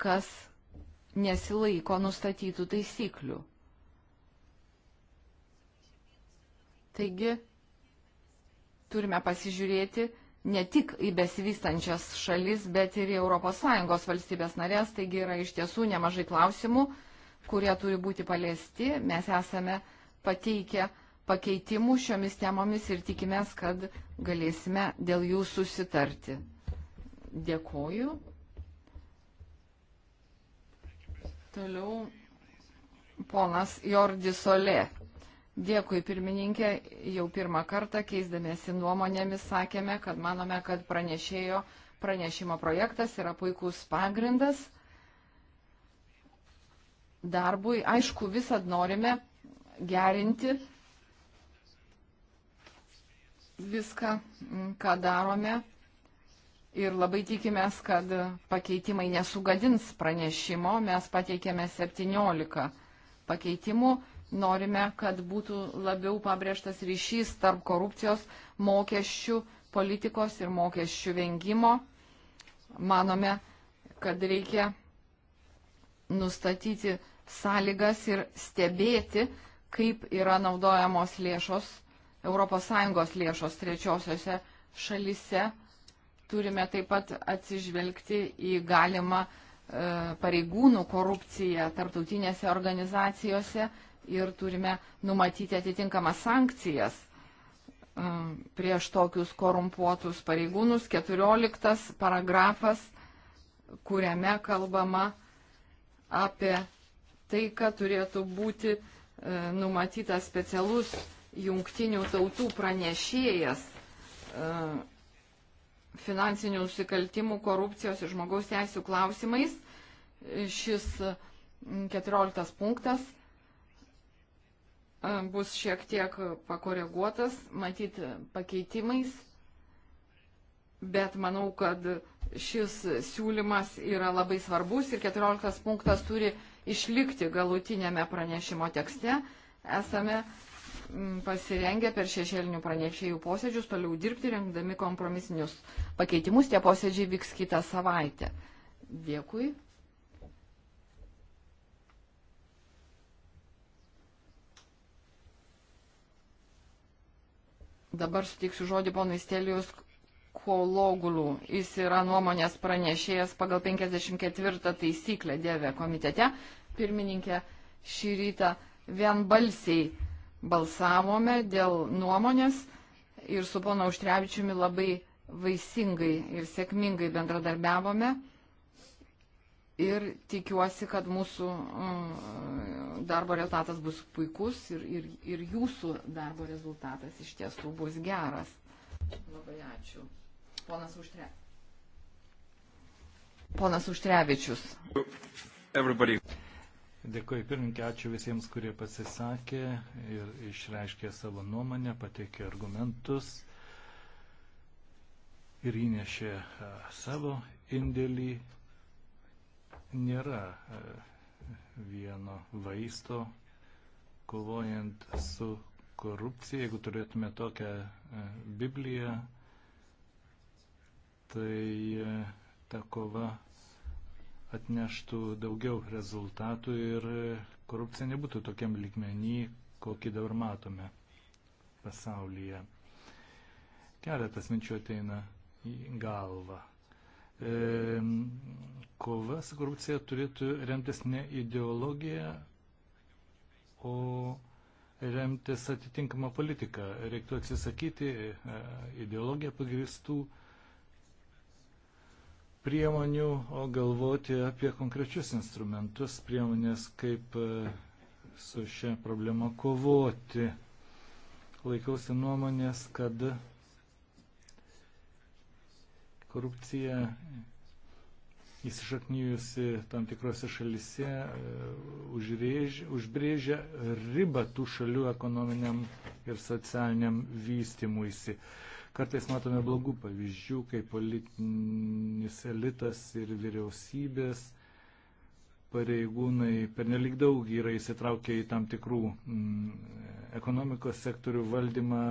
kas nesilaiko nustatytų taisyklių. Taigi turime pasižiūrėti ne tik į besivystančias šalis, bet ir į ES valstybės narės. Taigi yra iš tiesų nemažai klausimų, kurie turi būti paliesti. Mes esame pateikę pakeitimų šiomis temomis ir tikimės, kad galėsime dėl jų susitarti. Dėkoju. Toliau ponas Jordi Solė. Dėkui pirmininkė, jau pirmą kartą keisdamėsi nuomonėmis sakėme, kad manome, kad pranešėjo pranešimo projektas yra puikus pagrindas darbui. Aišku, visad norime gerinti viską, ką darome ir labai tikimės, kad pakeitimai nesugadins pranešimo. Mes pateikėme 17 pakeitimų norime, kad būtų labiau pabrėžtas ryšys tarp korupcijos, mokesčių politikos ir mokesčių vengimo. Manome, kad reikia nustatyti sąlygas ir stebėti, kaip yra naudojamos lėšos, ES lėšos trečiosiose šalise. Turime taip pat atsižvelgti į galimą e, pareigūnų korupciją tarptautinėse organizacijose ir turime numatyti atitinkamas sankcijas um, prieš tokius korumpuotus pareigūnus. 14 paragrafas, kuriame kalbama apie tai, kad turėtų būti e, numatytas specialus jungtinių tautų pranešėjas e, finansinių nusikaltimų, korupcijos ir žmogaus teisų klausimais. Šis 14 punktas bus šiek tiek pakoreguotas, matyt, pakeitimais, bet manau, kad šis siūlymas yra labai svarbus ir 14 punktas turi išlikti galutinėme pranešimo tekste. Esame mm, pasirengę per šešėlinių pranešėjų posėdžius toliau dirbti, rengdami kompromisinius pakeitimus. Tie posėdžiai vyks kitą savaitę. Dėkui. Dabar sutiksiu žodį ponui Stelijus Kologulų. Jis yra nuomonės pranešėjas pagal 54 taisyklę Dieve komitete. Pirmininkė šį rytą vienbalsiai balsavome dėl nuomonės ir su pono Užtrevičiumi labai vaisingai ir sėkmingai bendradarbiavome ir tikiuosi, kad mūsų mm, darbo rezultatas bus puikus ir, ir, ir jūsų darbo rezultatas iš tiesų bus geras. Labai ačiū. Ponas, Užtre... Ponas Užtrevičius. Everybody. Dėkuoju pirmininkė, ačiū visiems, kurie pasisakė ir išreiškė savo nuomonę, pateikė argumentus ir įnešė savo indėlį Nėra e, vieno vaisto kovojant su korupcija. Jeigu turėtume tokią e, Bibliją, tai e, ta kova atneštų daugiau rezultatų ir korupcija nebūtų tokiam lygmenį, kokį dabar matome pasaulyje. Keletas minčių ateina į galvą. E, kova su korupcija turėtų remtis ne ideologija, o remtis atitinkamą politiką. Reiktų atsisakyti e, ideologiją pagristų priemonių, o galvoti apie konkrečius instrumentus, priemonės, kaip e, su šia problema kovoti. Laikausi nuomonės, kad korupcija įsišaknyjusi tam tikrose šalise e, užrėž, užbrėžia ribą tų šalių ekonominiam ir socialiniam vystimuisi. Kartais matome blogų pavyzdžių, kai politinis elitas ir vyriausybės pareigūnai pernelik daug yra įsitraukę į tam tikrų mm, ekonomikos sektorių valdymą,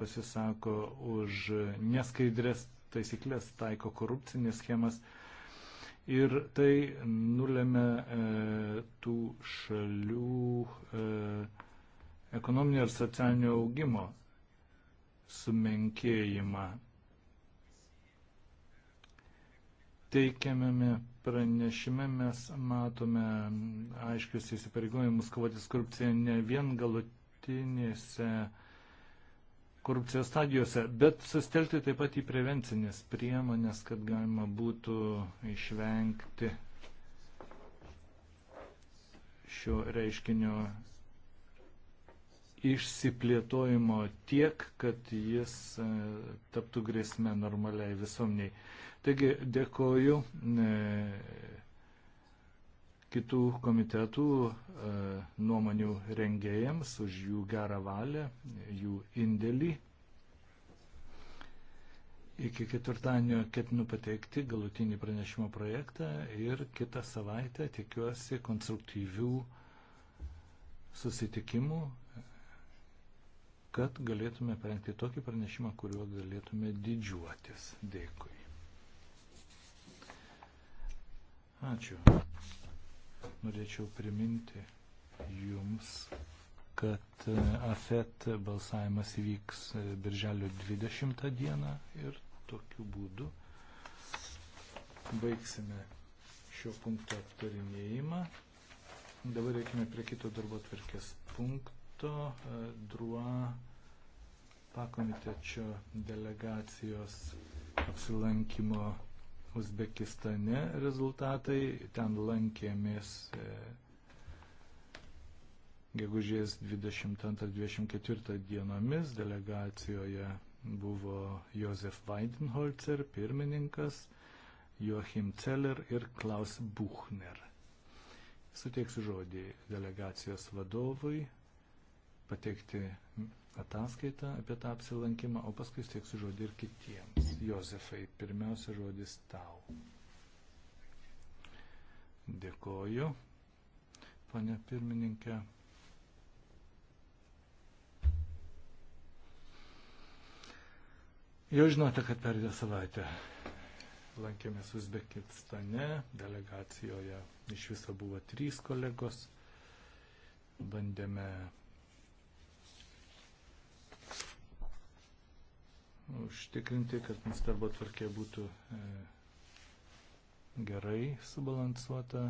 pasisako už neskaidrės taisyklės, taiko korupcinės schemas. Ir tai nulėmė e, tų šalių e, ekonominio ir socialinio augimo sumenkėjimą. Teikiamame pranešime mes matome aiškius įsipareigojimus kovotis korupciją ne vien galutinėse e, korupcijos stadijose, bet sustelti taip pat į prevencinės priemonės, kad galima būtų išvengti šio reiškinio išsiplėtojimo tiek, kad jis e, taptų grėsme normaliai visuomeniai. Taigi dėkoju e, kitų komitetų e, nuomonių rengėjams už jų gerą valią, jų indėlį. Iki ketvirtadienio ketinu pateikti galutinį pranešimo projektą ir kitą savaitę tikiuosi konstruktyvių susitikimų, kad galėtume parengti tokį pranešimą, kuriuo galėtume didžiuotis. Dėkui. Ačiū. Norėčiau priminti jums, kad e, AFET balsavimas įvyks e, birželio 20 dieną ir tokiu būdu baigsime šio punkto aptarinėjimą. Dabar reikime prie kito darbo tvarkės punkto. E, Drua pakomitečio delegacijos apsilankimo Uzbekistane rezultatai. Ten lankėmės e, gegužės 22-24 dienomis. Delegacijoje buvo Josef Weidenholzer, pirmininkas, Joachim Celler ir Klaus Buchner. Suteiksiu žodį delegacijos vadovui pateikti ataskaitą apie tą apsilankimą, o paskui steiksiu žodį ir kitiems. Jozefai, pirmiausia žodis tau. Dėkoju, ponė pirmininkė. Jau žinote, kad per dvi savaitę lankėmės Uzbekistane, delegacijoje iš viso buvo trys kolegos, bandėme užtikrinti, kad mūsų darbo tvarkė būtų e, gerai subalansuota.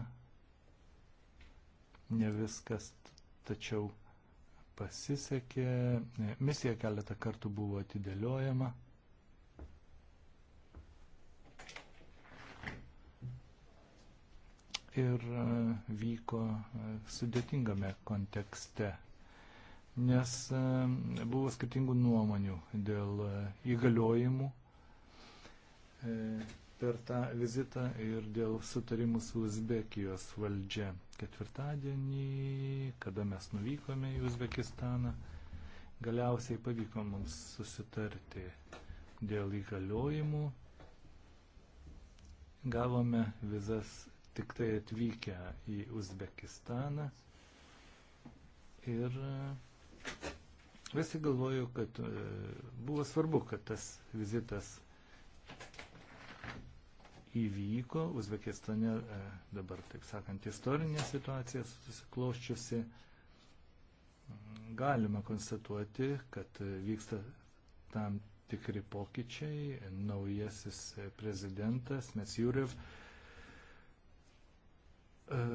Ne viskas, tačiau pasisekė. E, misija keletą kartų buvo atidėliojama. Ir e, vyko sudėtingame kontekste nes e, buvo skirtingų nuomonių dėl e, įgaliojimų e, per tą vizitą ir dėl sutarimų su Uzbekijos valdžia. Ketvirtadienį, kada mes nuvykome į Uzbekistaną, galiausiai pavyko mums susitarti dėl įgaliojimų. Gavome vizas tik tai atvykę į Uzbekistaną ir Visi galvoju, kad e, buvo svarbu, kad tas vizitas įvyko. Uzbekistane e, dabar, taip sakant, istorinė situacija susikloščiusi. Galima konstatuoti, kad vyksta tam tikri pokyčiai. Naujasis prezidentas Mesjurev e,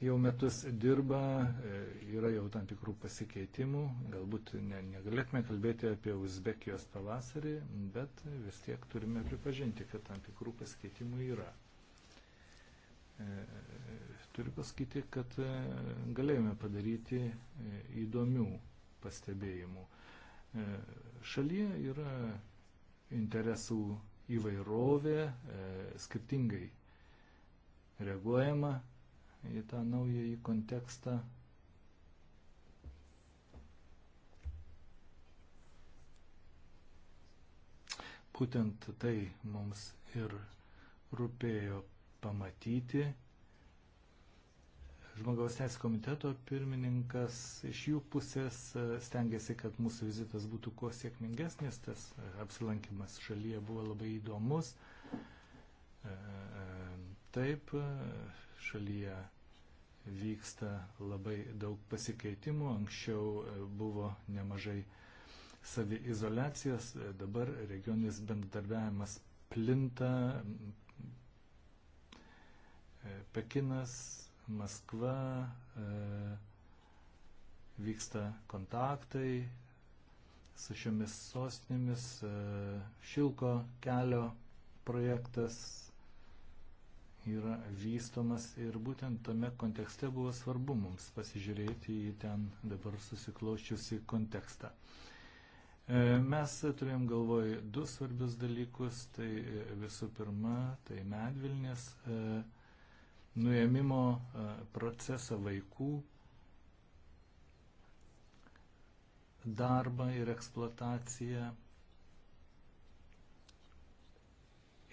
jau metus dirba, e, yra jau tam tikrų pasikeitimų, galbūt ne, negalėtume kalbėti apie Uzbekijos pavasarį, bet vis tiek turime pripažinti, kad tam tikrų pasikeitimų yra. E, turiu pasakyti, kad e, galėjome padaryti įdomių pastebėjimų. Šalyje yra interesų įvairovė, skirtingai reaguojama į tą naująjį kontekstą. Būtent tai mums ir rūpėjo pamatyti. Žmogaus teisų komiteto pirmininkas iš jų pusės e, stengiasi, kad mūsų vizitas būtų kuo sėkmingesnis, tas e, apsilankimas šalyje buvo labai įdomus. E, taip, šalyje vyksta labai daug pasikeitimų. Anksčiau e, buvo nemažai saviizolacijos, e, dabar regioninis bendradarbiavimas plinta. E, Pekinas, Maskva, vyksta kontaktai su šiomis sostinėmis, šilko kelio projektas yra vystomas ir būtent tame kontekste buvo svarbu mums pasižiūrėti į ten dabar susikloščiusi kontekstą. E, mes turėjom galvoj du svarbius dalykus, tai visų pirma, tai medvilnės e, nuėmimo e, procesą vaikų darbą ir eksploataciją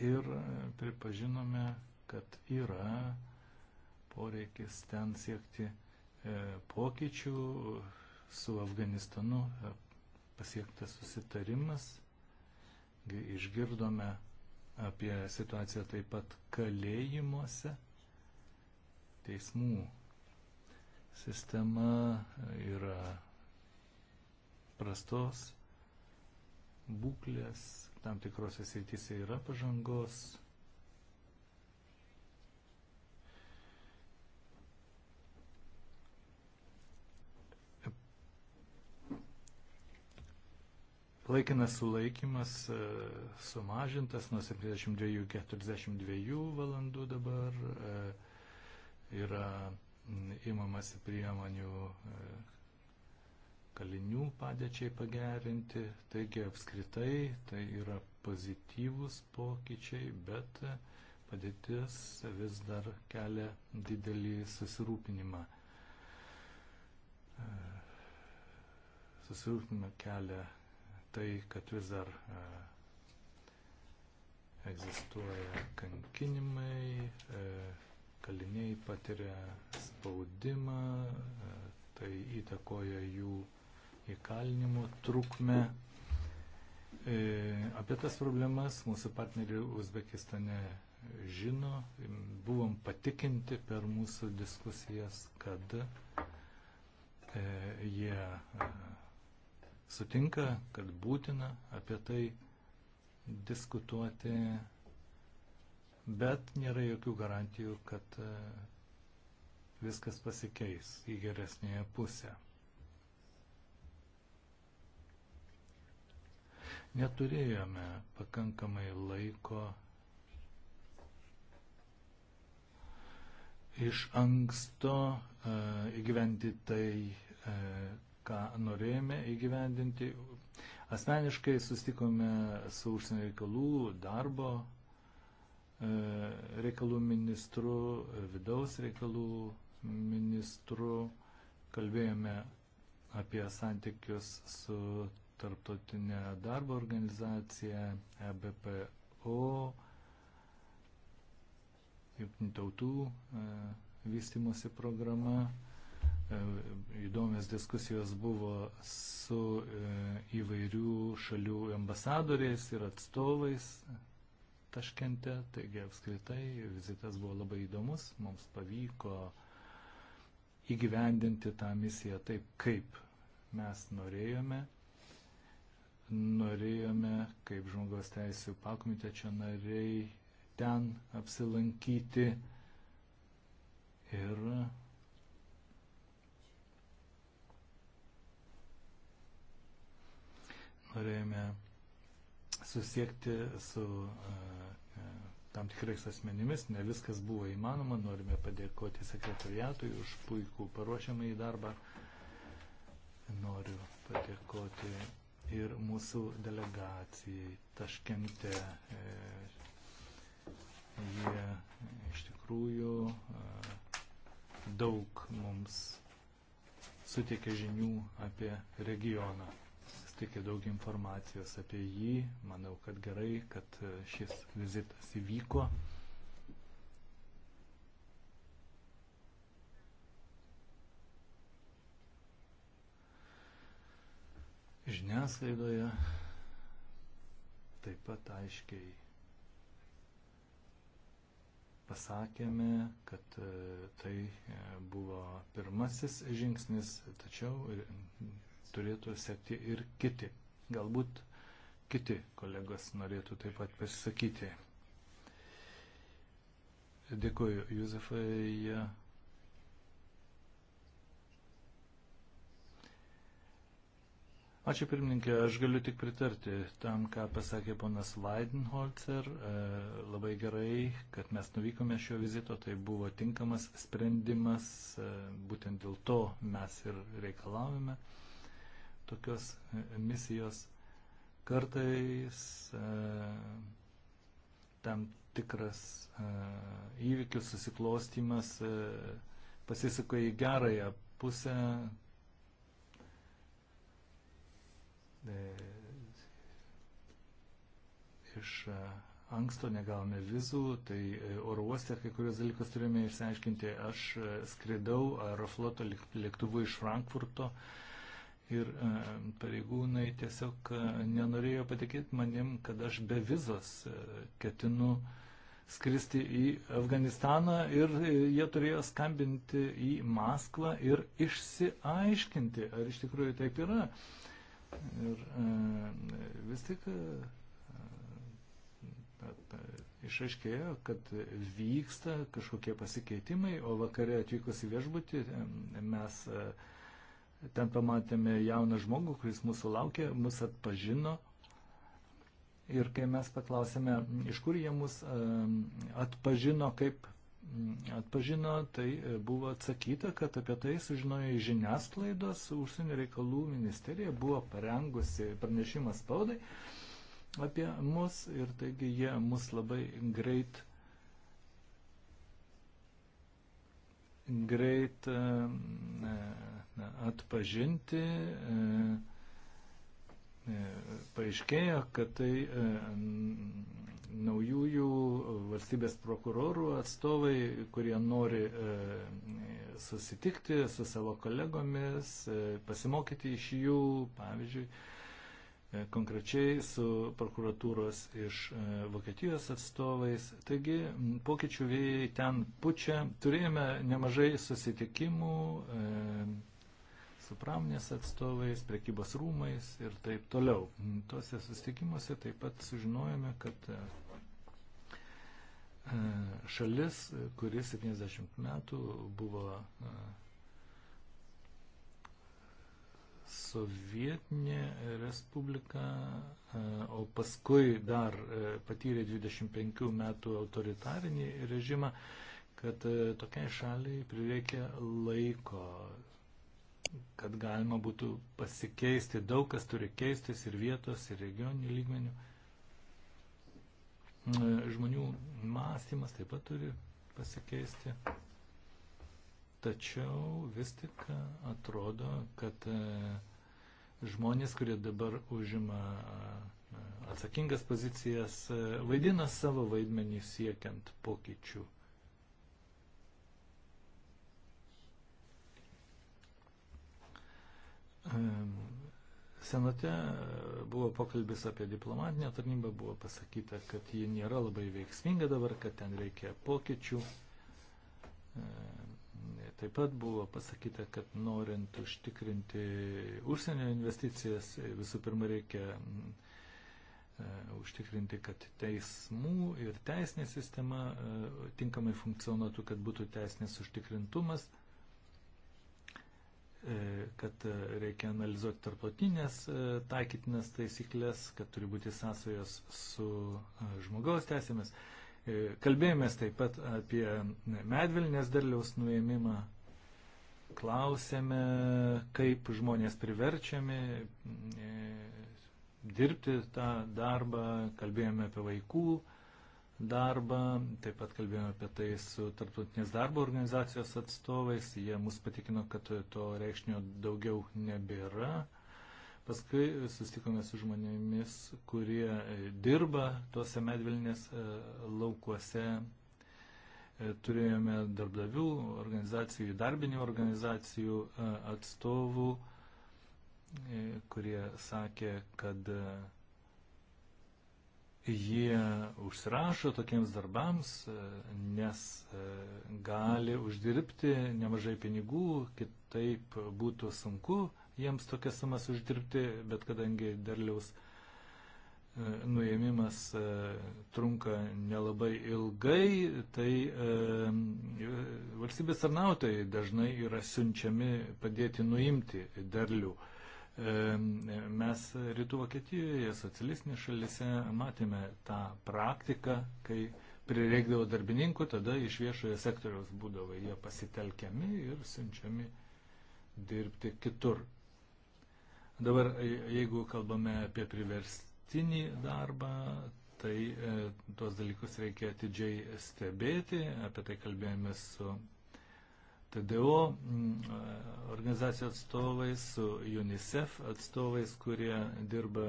ir pripažinome, kad yra poreikis ten siekti e, pokyčių su Afganistanu e, pasiektas susitarimas. Išgirdome apie situaciją taip pat kalėjimuose. Teismų sistema e, yra prastos būklės, tam tikrose srityse yra pažangos, Laikinas sulaikimas e, sumažintas nuo 72 iki 42 valandų dabar e, yra įmamasi priemonių e, kalinių padėčiai pagerinti, taigi apskritai tai yra pozityvus pokyčiai, bet padėtis vis dar kelia didelį susirūpinimą. Susirūpinimą kelia tai, kad vis dar e, egzistuoja kankinimai, e, kaliniai patiria spaudimą, e, tai įtakoja jų įkalinimo trukmę. Apie tas problemas mūsų partneriai Uzbekistane žino, buvom patikinti per mūsų diskusijas, kad jie sutinka, kad būtina apie tai diskutuoti, bet nėra jokių garantijų, kad e, viskas pasikeis į geresnėje pusę. Neturėjome pakankamai laiko iš anksto e, įgyventi tai, e, ką norėjome įgyvendinti. Asmeniškai sustikome su užsienio reikalų, darbo e, reikalų ministru, vidaus reikalų ministru, kalbėjome apie santykius su tarptautinė darbo organizacija, EBPO, jungtinių tautų e, vystimosi programa. Mm. E, įdomios diskusijos buvo su e, įvairių šalių ambasadoriais ir atstovais taškente, taigi apskritai vizitas buvo labai įdomus, mums pavyko įgyvendinti tą misiją taip, kaip mes norėjome. Norėjome, kaip žmogaus teisų pakomitečio nariai, ten apsilankyti ir norėjome susiekti su e, e, tam tikrais asmenimis, ne viskas buvo įmanoma, norime padėkoti sekretariatui už puikų paruošiamą į darbą. Noriu padėkoti ir mūsų delegacijai Taškente. E, jie iš tikrųjų daug mums suteikia žinių apie regioną susitikė daug informacijos apie jį. Manau, kad gerai, kad e, šis vizitas įvyko. Žiniasklaidoje taip pat aiškiai pasakėme, kad e, tai e, buvo pirmasis žingsnis, tačiau turėtų sekti ir kiti. Galbūt kiti kolegos norėtų taip pat pasisakyti. Dėkuoju, Juzefai. Ačiū pirmininkė, aš galiu tik pritarti tam, ką pasakė ponas Weidenholzer. E, labai gerai, kad mes nuvykome šio vizito, tai buvo tinkamas sprendimas, e, būtent dėl to mes ir reikalavome tokios e, misijos kartais e, tam tikras e, įvykių susiklostymas pasisuka į gerąją pusę. Iš anksto negavome vizų, tai oro uoste kai kurios dalykus turime išsiaiškinti. Aš skridau aerofloto lėktuvu iš Frankfurto, uh, ir e, pareigūnai tiesiog e, nenorėjo patikėti manim, kad aš be vizos e, ketinu skristi į Afganistaną ir jie turėjo skambinti į Maskvą ir išsiaiškinti, ar iš tikrųjų taip yra. Ir vis tik išaiškėjo, kad vyksta kažkokie pasikeitimai, o vakare atvykus į viešbutį mes uh, Ten pamatėme jauną žmogų, kuris mūsų laukė, mus atpažino. Ir kai mes paklausėme, iš kur jie mus atpažino, kaip atpažino, tai e, buvo atsakyta, kad apie tai sužinojo iš žiniasklaidos, užsienio reikalų ministerija buvo parengusi pranešimą spaudai apie mus ir taigi jie mus labai greit greit e, na, atpažinti. E, e, paaiškėjo, kad tai e, naujųjų valstybės prokurorų atstovai, kurie nori e, susitikti su savo kolegomis, e, pasimokyti iš jų, pavyzdžiui, e, konkrečiai su prokuratūros iš e, Vokietijos atstovais. Taigi pokyčių vėjai ten pučia. Turėjome nemažai susitikimų. E, su pramonės atstovais, prekybos rūmais ir taip toliau. Tuose susitikimuose taip pat sužinojome, kad e, e, šalis, kuris 70 metų buvo e, sovietinė respublika, o paskui dar patyrė 25 metų autoritarinį režimą, kad tokiai šaliai prireikia laiko kad galima būtų pasikeisti, daug kas turi keistis ir vietos, ir regioninių lygmenių. E, žmonių mąstymas taip pat turi pasikeisti. Tačiau vis tik atrodo, kad e, žmonės, kurie dabar užima e, atsakingas pozicijas, vaidina savo vaidmenį siekiant pokyčių. Senate e, buvo pokalbis apie diplomatinę tarnybą, buvo pasakyta, kad ji nėra labai veiksminga dabar, kad ten reikia pokyčių. Taip pat buvo pasakyta, kad norint užtikrinti užsienio investicijas, e, visų pirma reikia e, užtikrinti, kad teismų ir teisinė sistema tinkamai funkcionuotų, kad būtų teisinės užtikrintumas. E, kad e, reikia analizuoti tarptautinės e, taikytinas taisyklės, kad turi būti sąsajos su žmogaus teisėmis. Kalbėjomės taip pat apie medvilnės derliaus nuėmimą, klausėme, kaip žmonės priverčiami dirbti tą darbą, kalbėjome apie vaikų darbą, taip pat kalbėjome apie tai su tarptautinės darbo organizacijos atstovais, jie mus patikino, kad to reikšnio daugiau nebėra. Paskui sustikome su žmonėmis, kurie dirba tuose medvilnės e, laukuose. E, turėjome darbdavių organizacijų, darbinių organizacijų e, atstovų, kurie sakė, kad jie užsirašo tokiems darbams, e, nes e, gali uždirbti nemažai pinigų, kitaip būtų sunku jiems tokias sumas uždirbti, bet kadangi derliaus e, nuėmimas trunka nelabai ilgai, tai valstybės tarnautojai dažnai yra siunčiami padėti nuimti derlių. E, mes Rytų Vokietijoje, socialistinė šalise, matėme tą praktiką, kai prireikdavo darbininkų, tada iš viešojo sektoriaus būdavo jie pasitelkiami ir siunčiami dirbti kitur. Dabar, e, jeigu kalbame apie priverstinį darbą, tai e, tuos dalykus reikia atidžiai stebėti, apie tai kalbėjome su TDO organizacijų atstovais, su UNICEF atstovais, kurie dirba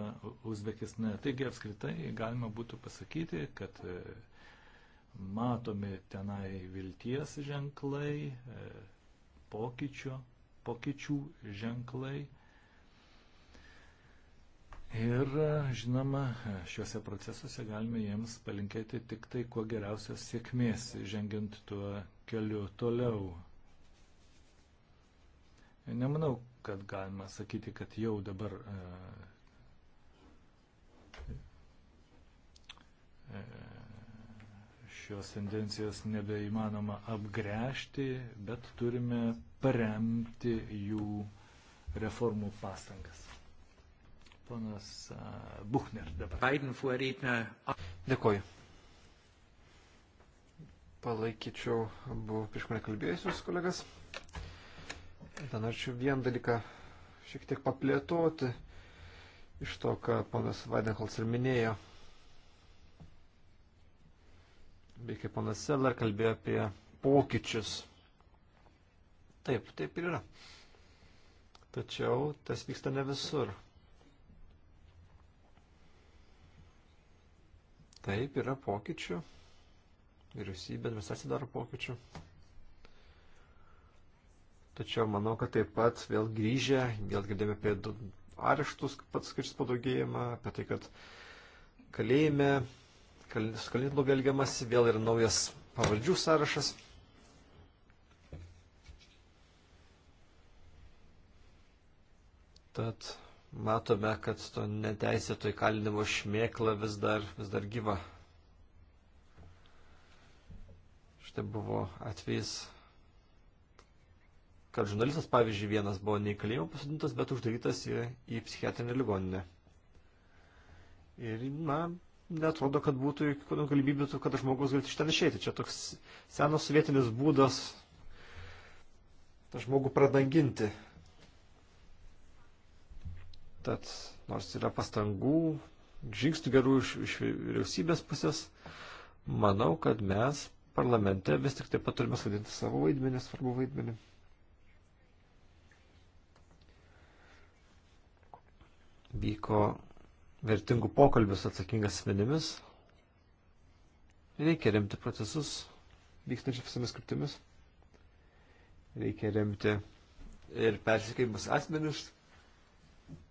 Uzbekistane. Taigi apskritai galima būtų pasakyti, kad matomi tenai vilties ženklai, pokyčio, pokyčių ženklai. Ir žinoma, šiuose procesuose galime jiems palinkėti tik tai kuo geriausios sėkmės, žengiant tuo keliu toliau. Nemanau, kad galima sakyti, kad jau dabar e, e, šios tendencijos nebeįmanoma apgręžti, bet turime paremti jų reformų pastangas. Ponas e, Buchner dabar. Biden fuorytne. Dėkoju. Palaikyčiau, buvau prieš mane kalbėjusius kolegas. Ten norėčiau vieną dalyką šiek tiek paplėtoti iš to, ką ponas Vaidenholz ir minėjo. Bei kaip ponas Seller kalbėjo apie pokyčius. Taip, taip ir yra. Tačiau tas vyksta ne visur. Taip, yra pokyčių. Vyriausybė, mes atsidaro pokyčių. Tačiau manau, kad taip pat vėl grįžę, vėl girdėjome apie areštus, pats skaičius padaugėjimą, apie tai, kad kalėjime, kal, su kalinimu belgiamas, vėl yra naujas pavardžių sąrašas. Tad matome, kad to neteisėto įkalinimo šmėkla vis dar, vis dar gyva. Štai buvo atvejs kad žurnalistas, pavyzdžiui, vienas buvo ne į kalėjimą pasodintas, bet uždarytas į, į psichiatrinę ligoninę. Ir, na, netrodo, kad būtų jokių galimybių, kad žmogus galėtų iš ten išeiti. Čia toks senas sovietinis būdas tą žmogų pradanginti. Tad, nors yra pastangų, žingsnių gerų iš, iš vyriausybės pusės, manau, kad mes parlamente vis tik taip pat turime sudinti savo vaidmenį, svarbu vaidmenį. vyko vertingų pokalbių su atsakingas asmenimis. Reikia remti procesus vykstančius visomis kryptimis. Reikia remti ir persikėjimus asmenius.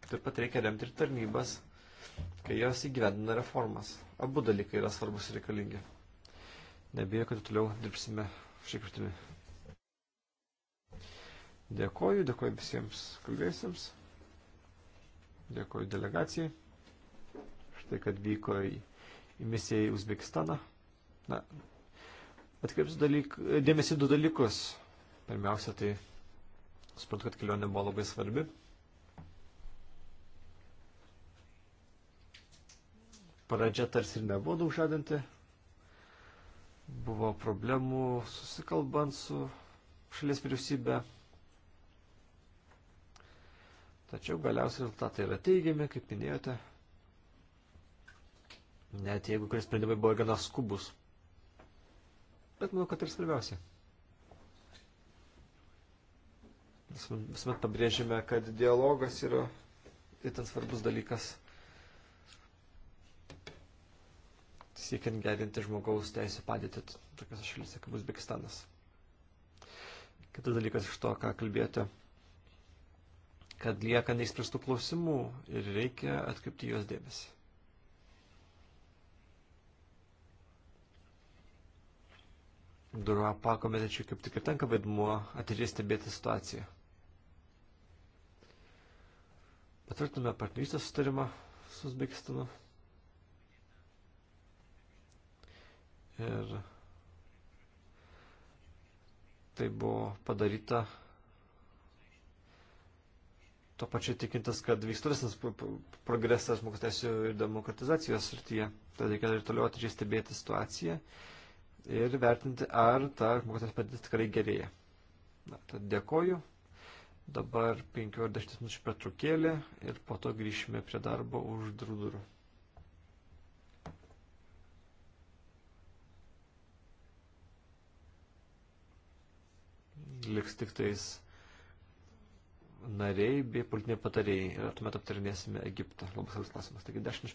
Taip pat reikia remti ir tarnybas, kai jos įgyvendina reformas. Abu dalykai yra svarbus ir reikalingi. Nebijau, kad toliau dirbsime šį kryptimį. Dėkoju, dėkoju visiems kalbėjusiems. Dėkoju delegacijai. Štai, kad vyko į, į misiją į Uzbekistaną. Na, atkreipsiu dalyk, dėmesį du dalykus. Pirmiausia, tai suprantu, kad kelionė buvo labai svarbi. Pradžia tarsi ir nebuvo daug žadinti. Buvo problemų susikalbant su šalies vyriausybė. Tačiau galiausiai rezultatai yra teigiami, kaip minėjote, net jeigu kurie sprendimai buvo gana skubus. Bet manau, kad ir tai svarbiausia. Visuomet pabrėžime, kad dialogas yra itin svarbus dalykas siekiant gerinti žmogaus teisų padėtį tokiose šalyse kaip Uzbekistanas. Kitas dalykas iš to, ką kalbėjote, kad lieka neįspręstų klausimų ir reikia atkreipti juos dėmesį. Durapa komitečių kaip tik ir tenka vaidmuo atidžiai stebėti situaciją. Patvirtume partnerystės sutarimą su Uzbekistanu. Ir tai buvo padaryta to pačiu tikintis, kad vyks tolesnis progresas žmogus teisų ir demokratizacijos srityje. Tad reikia ir toliau atidžiai stebėti situaciją ir vertinti, ar ta žmogus teisų padėtis tikrai gerėja. Na, tad dėkoju. Dabar 15 minučių pertraukėlė ir po to grįšime prie darbo už durų. Liks tik tais nariai bei politiniai patarėjai. Ir tuomet aptarinėsime Egiptą. Labai svarbus klausimas. Taigi 10